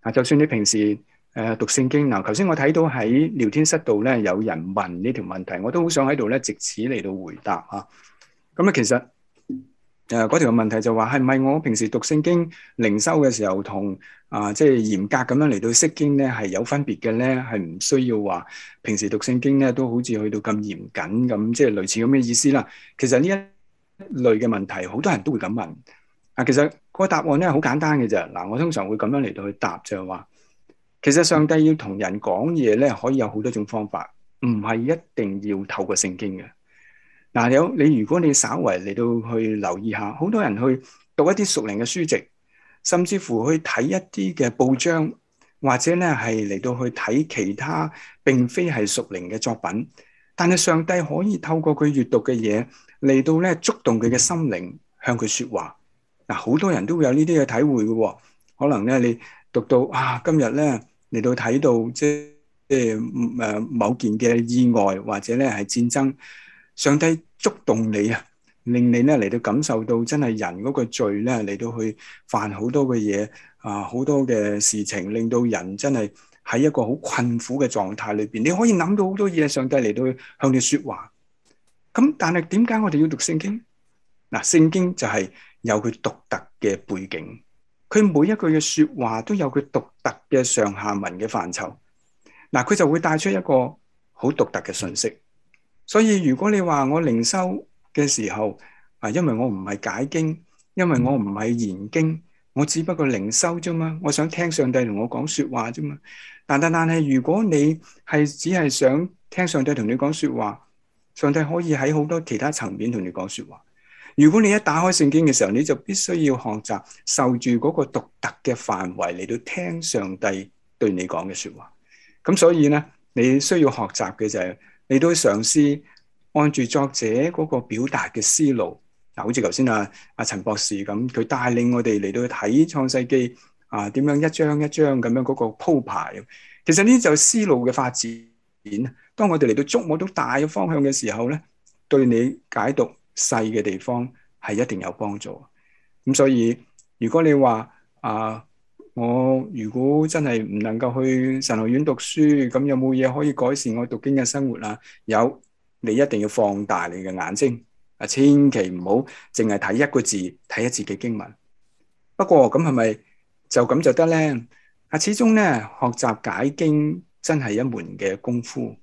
啊！就算你平時誒讀聖經嗱，頭先我睇到喺聊天室度咧有人問呢條問題，我都好想喺度咧即時嚟到回答啊！咁咧其實～誒，嗰條嘅問題就話係唔係我平時讀聖經靈修嘅時候同啊，即係嚴格咁樣嚟到釋經咧，係有分別嘅咧，係唔需要話平時讀聖經咧都好似去到咁嚴謹咁，即係類似咁嘅意思啦。其實呢一類嘅問題，好多人都會咁問。啊，其實個答案咧好簡單嘅啫。嗱，我通常會咁樣嚟到去答就係話，其實上帝要同人講嘢咧，可以有好多種方法，唔係一定要透過聖經嘅。嗱，有你，如果你稍為嚟到去留意一下，好多人去讀一啲屬靈嘅書籍，甚至乎去睇一啲嘅報章，或者咧係嚟到去睇其他並非係屬靈嘅作品。但係上帝可以透過佢閱讀嘅嘢嚟到咧觸動佢嘅心靈，向佢説話。嗱，好多人都會有呢啲嘅體會嘅，可能咧你讀到啊，今日咧嚟到睇到即係即係某件嘅意外，或者咧係戰爭。上帝觸動你啊，令你咧嚟到感受到真係人嗰個罪咧嚟到去犯好多嘅嘢啊，好多嘅事情令到人真係喺一個好困苦嘅狀態裏邊。你可以諗到好多嘢，上帝嚟到向你說話。咁但係點解我哋要讀聖經？嗱，聖經就係有佢獨特嘅背景，佢每一句嘅說話都有佢獨特嘅上下文嘅範疇。嗱，佢就會帶出一個好獨特嘅信息。所以如果你話我靈修嘅時候，啊，因為我唔係解經，因為我唔係研經，我只不過靈修啫嘛，我想聽上帝同我講說話啫嘛。但但但係如果你係只係想聽上帝同你講說話，上帝可以喺好多其他層面同你講說話。如果你一打開聖經嘅時候，你就必須要學習受住嗰個獨特嘅範圍嚟到聽上帝對你講嘅說話。咁所以咧，你需要學習嘅就係、是。你都去嘗試按住作者嗰個表達嘅思路，嗱，好似頭先啊，阿陳博士咁，佢帶領我哋嚟到去睇《創世記》，啊，點樣一張一張咁樣嗰個鋪排。其實呢就係思路嘅發展。當我哋嚟到觸摸到大嘅方向嘅時候咧，對你解讀細嘅地方係一定有幫助。咁所以如果你話啊。我如果真係唔能夠去神學院讀書，咁有冇嘢可以改善我讀經嘅生活啊？有，你一定要放大你嘅眼睛啊，千祈唔好淨係睇一個字，睇一字嘅經文。不過咁係咪就咁就得咧？啊，始終咧學習解經真係一門嘅功夫。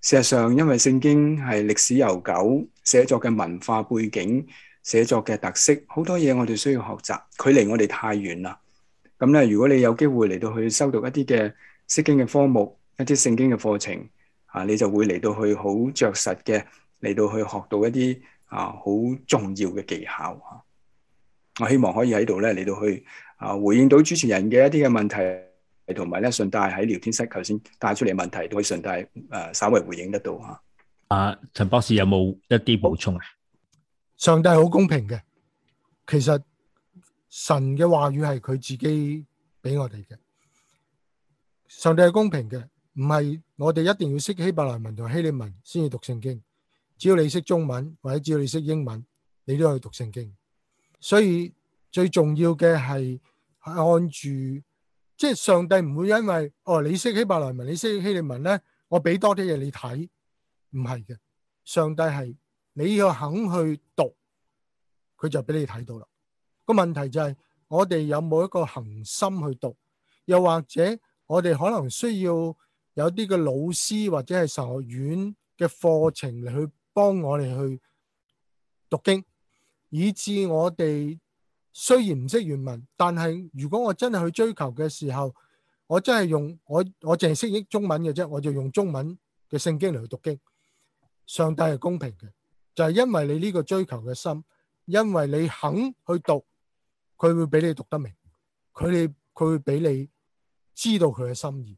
事實上，因為聖經係歷史悠久，寫作嘅文化背景、寫作嘅特色，好多嘢我哋需要學習。佢離我哋太遠啦。咁咧，如果你有機會嚟到去修讀一啲嘅《釋經》嘅科目，一啲聖經嘅課程，嚇你就會嚟到去好著實嘅，嚟到去學到一啲啊好重要嘅技巧嚇。我希望可以喺度咧嚟到去啊回應到主持人嘅一啲嘅問題，係同埋咧順帶喺聊天室頭先帶出嚟嘅問題，都可以順帶誒稍微回應得到嚇。
啊，陳博士有冇一啲
補充啊？上帝好公平嘅，其實。神嘅話語係佢自己俾我哋嘅，上帝係公平嘅，唔係我哋一定要識希伯來文同希利文先至讀聖經。只要你識中文或者只要你識英文，你都可以讀聖經。所以最重要嘅係按住，即係上帝唔會因為哦你識希伯來文，你識希利文咧，我俾多啲嘢你睇，唔係嘅。上帝係你要肯去讀，佢就俾你睇到啦。個問題就係我哋有冇一個恒心去讀，又或者我哋可能需要有啲嘅老師或者係神學院嘅課程嚟去幫我哋去讀經，以致我哋雖然唔識原文，但係如果我真係去追求嘅時候，我真係用我我淨係識讀中文嘅啫，我就用中文嘅聖經嚟去讀經。上帝係公平嘅，就係因為你呢個追求嘅心，因為你肯去讀。佢會俾你讀得明，佢哋佢會俾你知道佢嘅心意。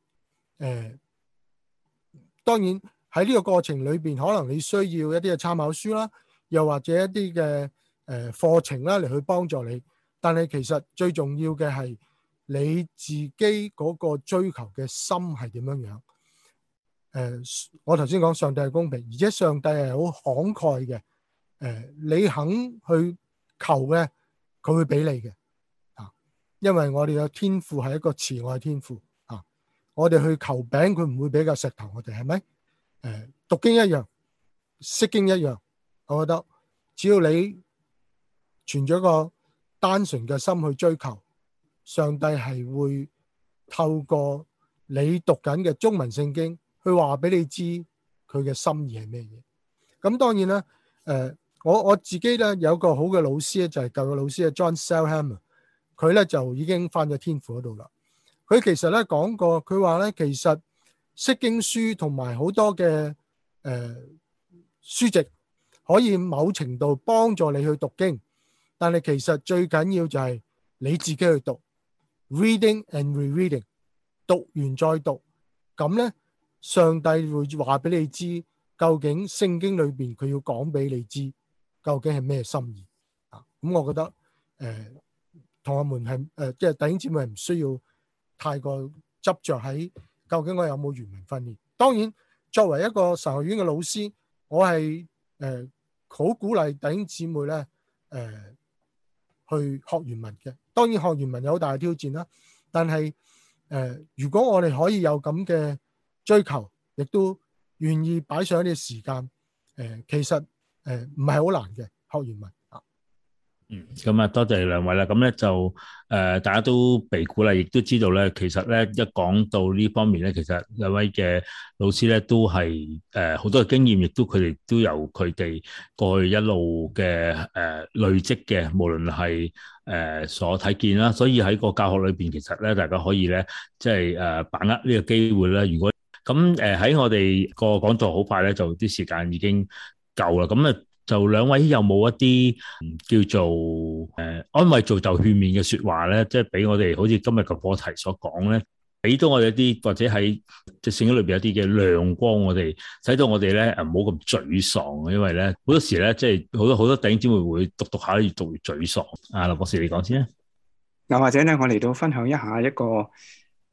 誒、呃，當然喺呢個過程裏邊，可能你需要一啲嘅參考書啦，又或者一啲嘅誒課程啦，嚟去幫助你。但係其實最重要嘅係你自己嗰個追求嘅心係點樣樣。誒、呃，我頭先講上帝係公平，而且上帝係好慷慨嘅。誒、呃，你肯去求嘅。佢會俾你嘅，啊，因為我哋有天父係一個慈愛天父啊，我哋去求餅佢唔會俾個石頭我哋係咪？誒，讀經一樣，釋經一樣，我覺得只要你存咗個單純嘅心去追求，上帝係會透過你讀緊嘅中文聖經去話俾你知佢嘅心意係咩嘢。咁當然啦，誒。我我自己咧有個好嘅老師咧，就係、是、舊嘅老師啊，John Sailhamer 啊，佢咧就已經返咗天父嗰度啦。佢其實咧講過，佢話咧其實釋經書同埋好多嘅誒書籍，可以某程度幫助你去讀經，但係其實最緊要就係你自己去讀，reading and re-reading，讀完再讀。咁咧，上帝會話俾你知究竟聖經裏面佢要講俾你知，究竟係咩心意啊？咁我覺得，誒、呃、同學們係誒，即、呃、係弟兄姊妹唔需要太過執着喺究竟我有冇原文訓練。當然，作為一個神學院嘅老師，我係誒好鼓勵弟兄姊妹咧誒、呃、去學原文嘅。當然，學原文有好大嘅挑戰啦。但係誒、呃，如果我哋可以有咁嘅追求，亦都願意擺上一啲時間，誒、呃、其實。誒，唔係好難嘅，學語文啊。嗯，
咁啊，多謝兩位啦。咁咧就誒、呃，大家都被鼓勵，亦都知道咧。其實咧，一講到呢方面咧，其實兩位嘅老師咧都係誒好多嘅經驗，亦都佢哋都由佢哋過去一路嘅誒、呃、累積嘅，無論係誒所睇見啦。所以喺個教學裏邊，其實咧大家可以咧即係誒把握呢個機會咧。如果咁誒喺我哋個講座好快咧，就啲時間已經。夠啦，咁啊就兩位有冇一啲叫做誒安慰、造就勸勉嘅說話咧？即係俾我哋好似今日嘅課題所講咧，俾到我哋一啲或者喺即係聖經裏邊有啲嘅亮光，我哋使到我哋咧唔好咁沮喪。因為咧好多時咧即係好多好多頂，姊妹會讀讀下越讀越沮喪。阿劉博士你講先
啊，又或者咧我嚟到分享一下一個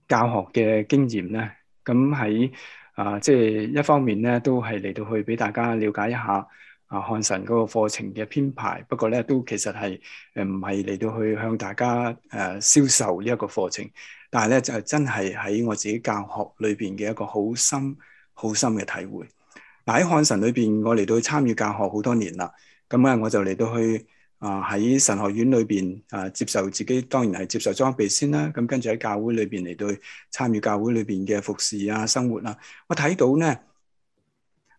教學嘅經驗咧，咁喺。啊，即、就、係、是、一方面咧，都係嚟到去俾大家了解一下啊，漢神嗰個課程嘅編排。不過咧，都其實係誒，唔係嚟到去向大家誒、呃、銷售呢一個課程。但係咧就是、真係喺我自己教學裏邊嘅一個好深好深嘅體會。嗱、啊、喺漢神裏邊，我嚟到去參與教學好多年啦。咁咧，我就嚟到去。啊！喺神學院裏邊啊，接受自己當然係接受裝備先啦。咁跟住喺教會裏邊嚟到參與教會裏邊嘅服侍啊，生活啦、啊。我睇到咧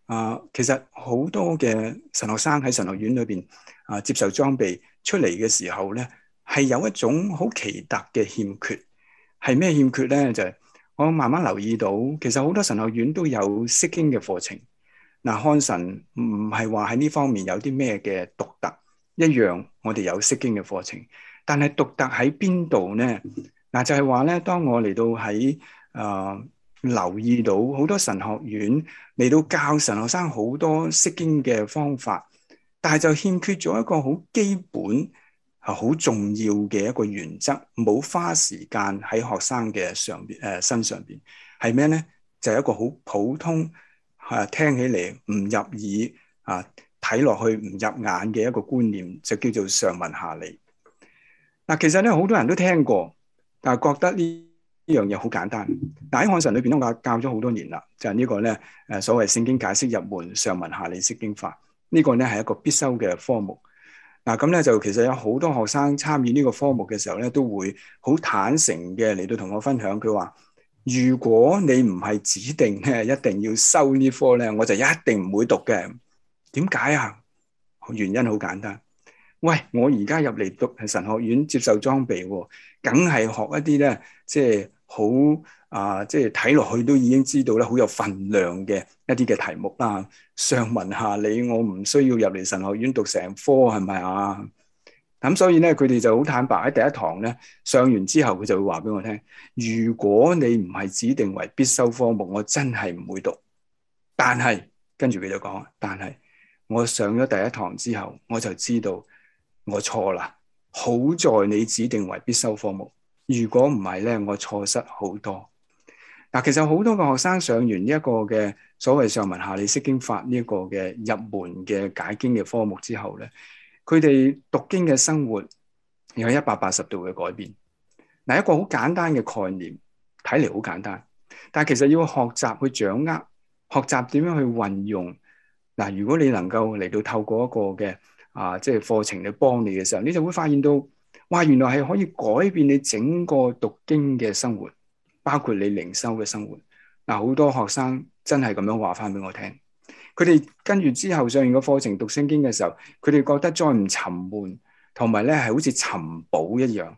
啊，其實好多嘅神學生喺神學院裏邊啊，接受裝備出嚟嘅時候咧，係有一種好奇特嘅欠缺，係咩欠缺咧？就係，我慢慢留意到，其實好多神學院都有釋經嘅課程。嗱，漢神唔係話喺呢方面有啲咩嘅獨特。一樣，我哋有釋經嘅課程，但係獨特喺邊度咧？嗱，就係話咧，當我嚟到喺誒、呃、留意到好多神學院嚟到教神學生好多釋經嘅方法，但係就欠缺咗一個好基本係好、啊、重要嘅一個原則，冇花時間喺學生嘅上邊誒、呃、身上邊係咩咧？就係、是、一個好普通嚇、啊，聽起嚟唔入耳啊！睇落去唔入眼嘅一個觀念，就叫做上文下理。嗱，其實咧好多人都聽過，但係覺得呢樣嘢好簡單。但喺漢神裏邊，都教咗好多年啦，就係、是、呢個咧誒所謂聖經解釋入門，上文下理釋經法呢、這個咧係一個必修嘅科目。嗱，咁咧就其實有好多學生參與呢個科目嘅時候咧，都會好坦誠嘅嚟到同我分享，佢話：如果你唔係指定咧一定要修呢科咧，我就一定唔會讀嘅。點解啊？原因好簡單。喂，我而家入嚟讀神學院接受裝備，梗係學一啲咧，即係好啊，即係睇落去都已經知道咧，好有份量嘅一啲嘅題目啦。上文下理，我唔需要入嚟神學院讀成科，係咪啊？咁、嗯、所以咧，佢哋就好坦白喺第一堂咧上完之後，佢就會話俾我聽：如果你唔係指定為必修科目，我真係唔會讀。但係跟住佢就講，但係。我上咗第一堂之後，我就知道我錯啦。好在你指定為必修科目，如果唔係咧，我錯失好多。嗱，其實好多個學生上完呢一個嘅所謂上文下理釋經法呢一個嘅入門嘅解經嘅科目之後咧，佢哋讀經嘅生活有一百八十度嘅改變。嗱，一個好簡單嘅概念，睇嚟好簡單，但係其實要學習去掌握，學習點樣去運用。嗱，如果你能夠嚟到透過一個嘅啊，即係課程嚟幫你嘅時候，你就會發現到，哇，原來係可以改變你整個讀經嘅生活，包括你靈修嘅生活。嗱，好多學生真係咁樣話翻俾我聽，佢哋跟住之後上完個課程讀聖經嘅時候，佢哋覺得再唔沉悶，同埋咧係好似尋寶一樣，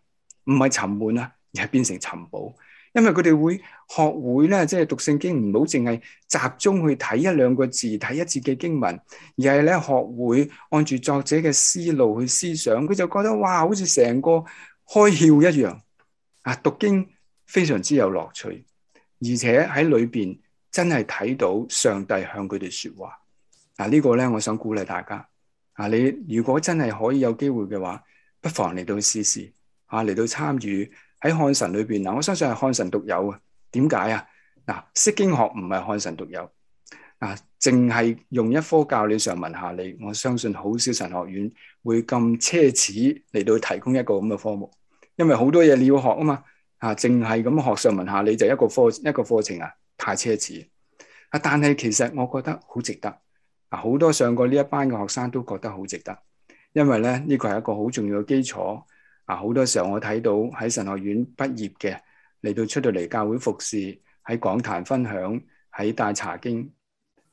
唔係沉悶啊，而係變成尋寶。因為佢哋會學會咧，即係讀聖經唔好淨係集中去睇一兩個字睇一字嘅經文，而係咧學會按住作者嘅思路去思想，佢就覺得哇，好似成個開竅一樣啊！讀經非常之有樂趣，而且喺裏邊真係睇到上帝向佢哋說話啊！呢個咧，我想鼓勵大家啊，你如果真係可以有機會嘅話，不妨嚟到試試啊，嚟到參與。喺漢神裏邊嗱，我相信係漢神獨有啊。點解啊？嗱，釋經學唔係漢神獨有啊，淨係用一科教你上文下理。我相信好少神學院會咁奢侈嚟到提供一個咁嘅科目，因為好多嘢你要學啊嘛。啊，淨係咁學上文下理就一個科一個課程啊，太奢侈啊！但係其實我覺得好值得啊，好多上過呢一班嘅學生都覺得好值得，因為咧呢個係一個好重要嘅基礎。啊！好多時候我睇到喺神學院畢業嘅嚟到出到嚟教會服侍，喺講壇分享，喺大茶經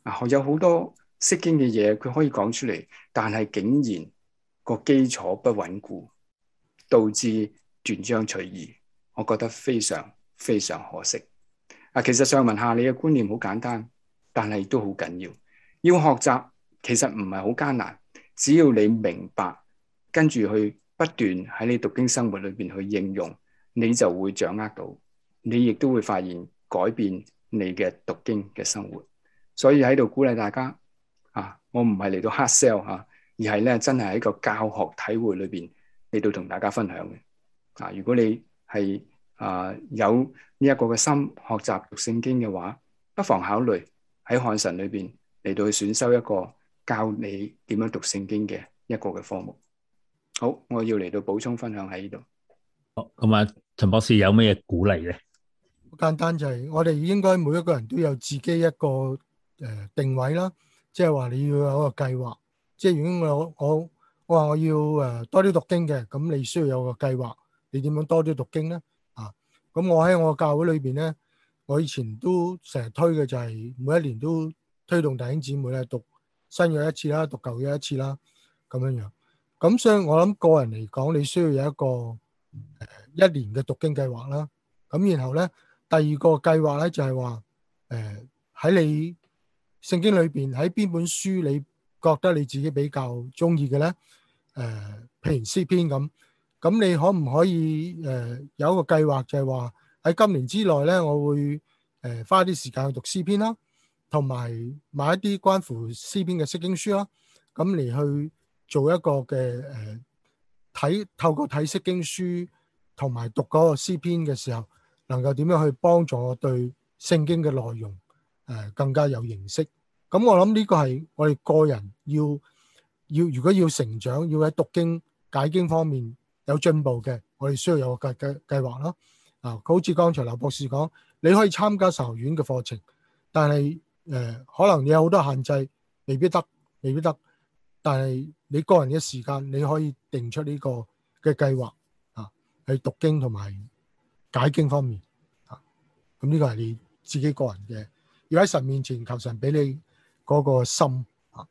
啊，有好多識經嘅嘢，佢可以講出嚟，但係竟然個基礎不穩固，導致斷章取義，我覺得非常非常可惜。啊，其實上文下理嘅觀念好簡單，但係都好緊要。要學習其實唔係好艱難，只要你明白跟住去，不斷喺你讀經生活裏邊去應用，你就會掌握到，你亦都會發現改變你嘅讀經嘅生活。所以喺度鼓勵大家啊，我唔係嚟到 hard sell 吓，而係咧真係喺個教學體會裏邊嚟到同大家分享嘅。啊，如果你係啊有呢一個嘅心學習讀聖經嘅話，不妨考慮喺漢神裏邊嚟到去選修一個教你點樣讀聖經嘅一個嘅科目。好，我要嚟到補充分享喺呢
度。好，咁啊，陳博士有咩鼓勵咧？
簡單就係，我哋應該每一個人都有自己一個誒定位啦，即係話你要有個計劃。即係如果我我我話我要誒多啲讀經嘅，咁你需要有個計劃。你點樣多啲讀經咧？啊，咁我喺我教會裏邊咧，我以前都成日推嘅就係每一年都推動弟兄姊妹咧讀新約一次啦，讀舊約一次啦，咁樣樣。咁所以，我諗個人嚟講，你需要有一個誒一年嘅讀經計劃啦。咁然後咧，第二個計劃咧就係、是、話，誒、呃、喺你聖經裏邊，喺邊本書你覺得你自己比較中意嘅咧？誒、呃，譬如詩篇咁，咁你可唔可以誒、呃、有一個計劃，就係話喺今年之內咧，我會誒花啲時間去讀詩篇啦，同埋買一啲關乎詩篇嘅釋經書啦，咁嚟去。做一個嘅誒睇，透過睇釋經書同埋讀嗰個詩篇嘅時候，能夠點樣去幫助我對聖經嘅內容誒更加有認識？咁我諗呢個係我哋個人要要如果要成長，要喺讀經解經方面有進步嘅，我哋需要有個計計計劃咯。嗱，佢好似剛才劉博士講，你可以參加神學院嘅課程，但係誒可能有好多限制，未必得，未必得。但係你個人嘅時間，你可以定出呢個嘅計劃啊，去讀經同埋解經方面啊，咁呢個係你自己個人嘅。要喺神面前求神俾你嗰個心啊。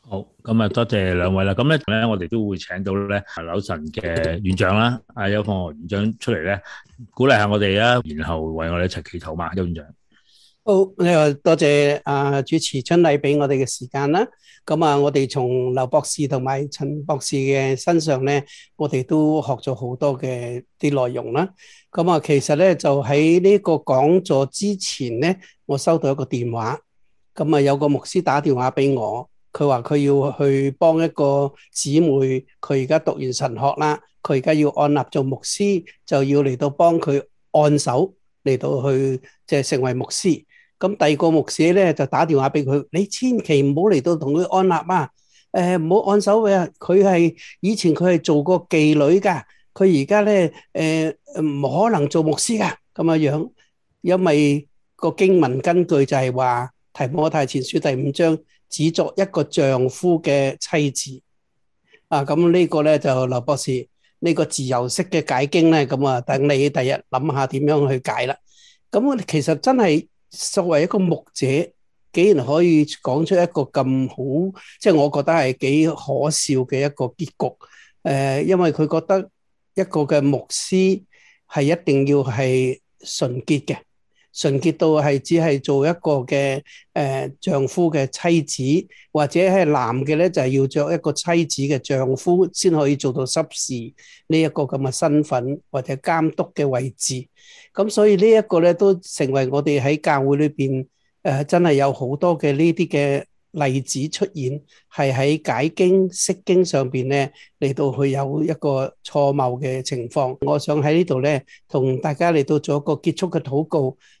好，咁啊多謝兩位啦。咁咧，咧我哋都會請到咧紐神嘅院長啦，阿邱放學院長出嚟咧鼓勵下我哋啊，然後爲我哋一齊祈禱嘛，邱院長。
好，你又多謝啊主持春禮，俾我哋嘅時間啦。咁啊，我哋從劉博士同埋陳博士嘅身上咧，我哋都學咗好多嘅啲內容啦。咁啊，其實咧就喺呢個講座之前咧，我收到一個電話，咁啊有個牧師打電話俾我，佢話佢要去幫一個姊妹，佢而家讀完神學啦，佢而家要按立做牧師，就要嚟到幫佢按手嚟到去即係成為牧師。咁第二個牧師咧就打電話俾佢，你千祈唔好嚟到同佢按立啊！誒，唔好按手位啊！佢係以前佢係做過妓女噶，佢而家咧誒唔可能做牧師噶咁嘅樣，因為個經文根據就係話《提摩太前書》第五章，只作一個丈夫嘅妻子啊！咁呢個咧就劉博士呢個自由式嘅解經咧，咁啊等你第日諗下點樣去解啦。咁其實真係。作為一個牧者，竟然可以講出一個咁好，即係我覺得係幾可笑嘅一個結局。誒，因為佢覺得一個嘅牧師係一定要係純潔嘅。純潔到係只係做一個嘅誒丈夫嘅妻子，或者係男嘅咧，就係要着一個妻子嘅丈夫先可以做到執事呢一個咁嘅身份或者監督嘅位置。咁所以呢一個咧都成為我哋喺教會裏邊誒真係有好多嘅呢啲嘅例子出現，係喺解經釋經上邊咧嚟到去有一個錯謬嘅情況。我想喺呢度咧同大家嚟到做一個結束嘅禱告。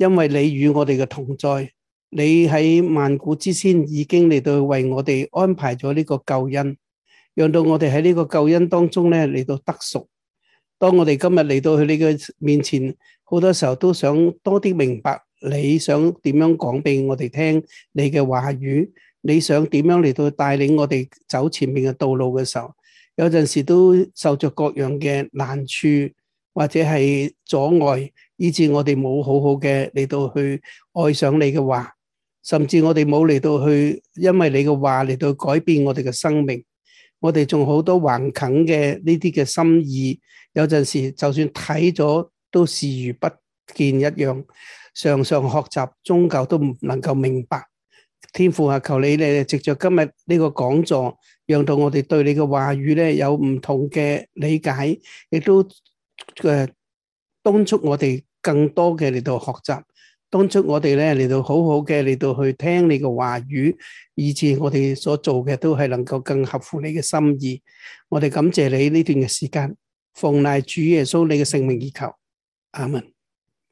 因為你與我哋嘅同在，你喺萬古之先已經嚟到為我哋安排咗呢個救恩，讓到我哋喺呢個救恩當中咧嚟到得熟。當我哋今日嚟到佢呢個面前，好多時候都想多啲明白你想點樣講俾我哋聽你的話語，你嘅話語你想點樣嚟到帶領我哋走前面嘅道路嘅時候，有陣時都受着各樣嘅難處或者係阻礙。以前我哋冇好好嘅嚟到去愛上你嘅話，甚至我哋冇嚟到去因為你嘅話嚟到改變我哋嘅生命，我哋仲好多橫梗嘅呢啲嘅心意，有陣時就算睇咗都視而不見一樣。常常學習宗教都唔能夠明白。天父啊，求你咧，藉着今日呢個講座，讓到我哋對你嘅話語咧有唔同嘅理解，亦都呃督促我哋。更多嘅嚟到學習，當初我哋呢嚟到好好嘅嚟到去聽你嘅話語，以致我哋所做嘅都係能夠更合乎你嘅心意。我哋感謝你呢段嘅時間，奉賴主耶穌你嘅聖名以求，阿門。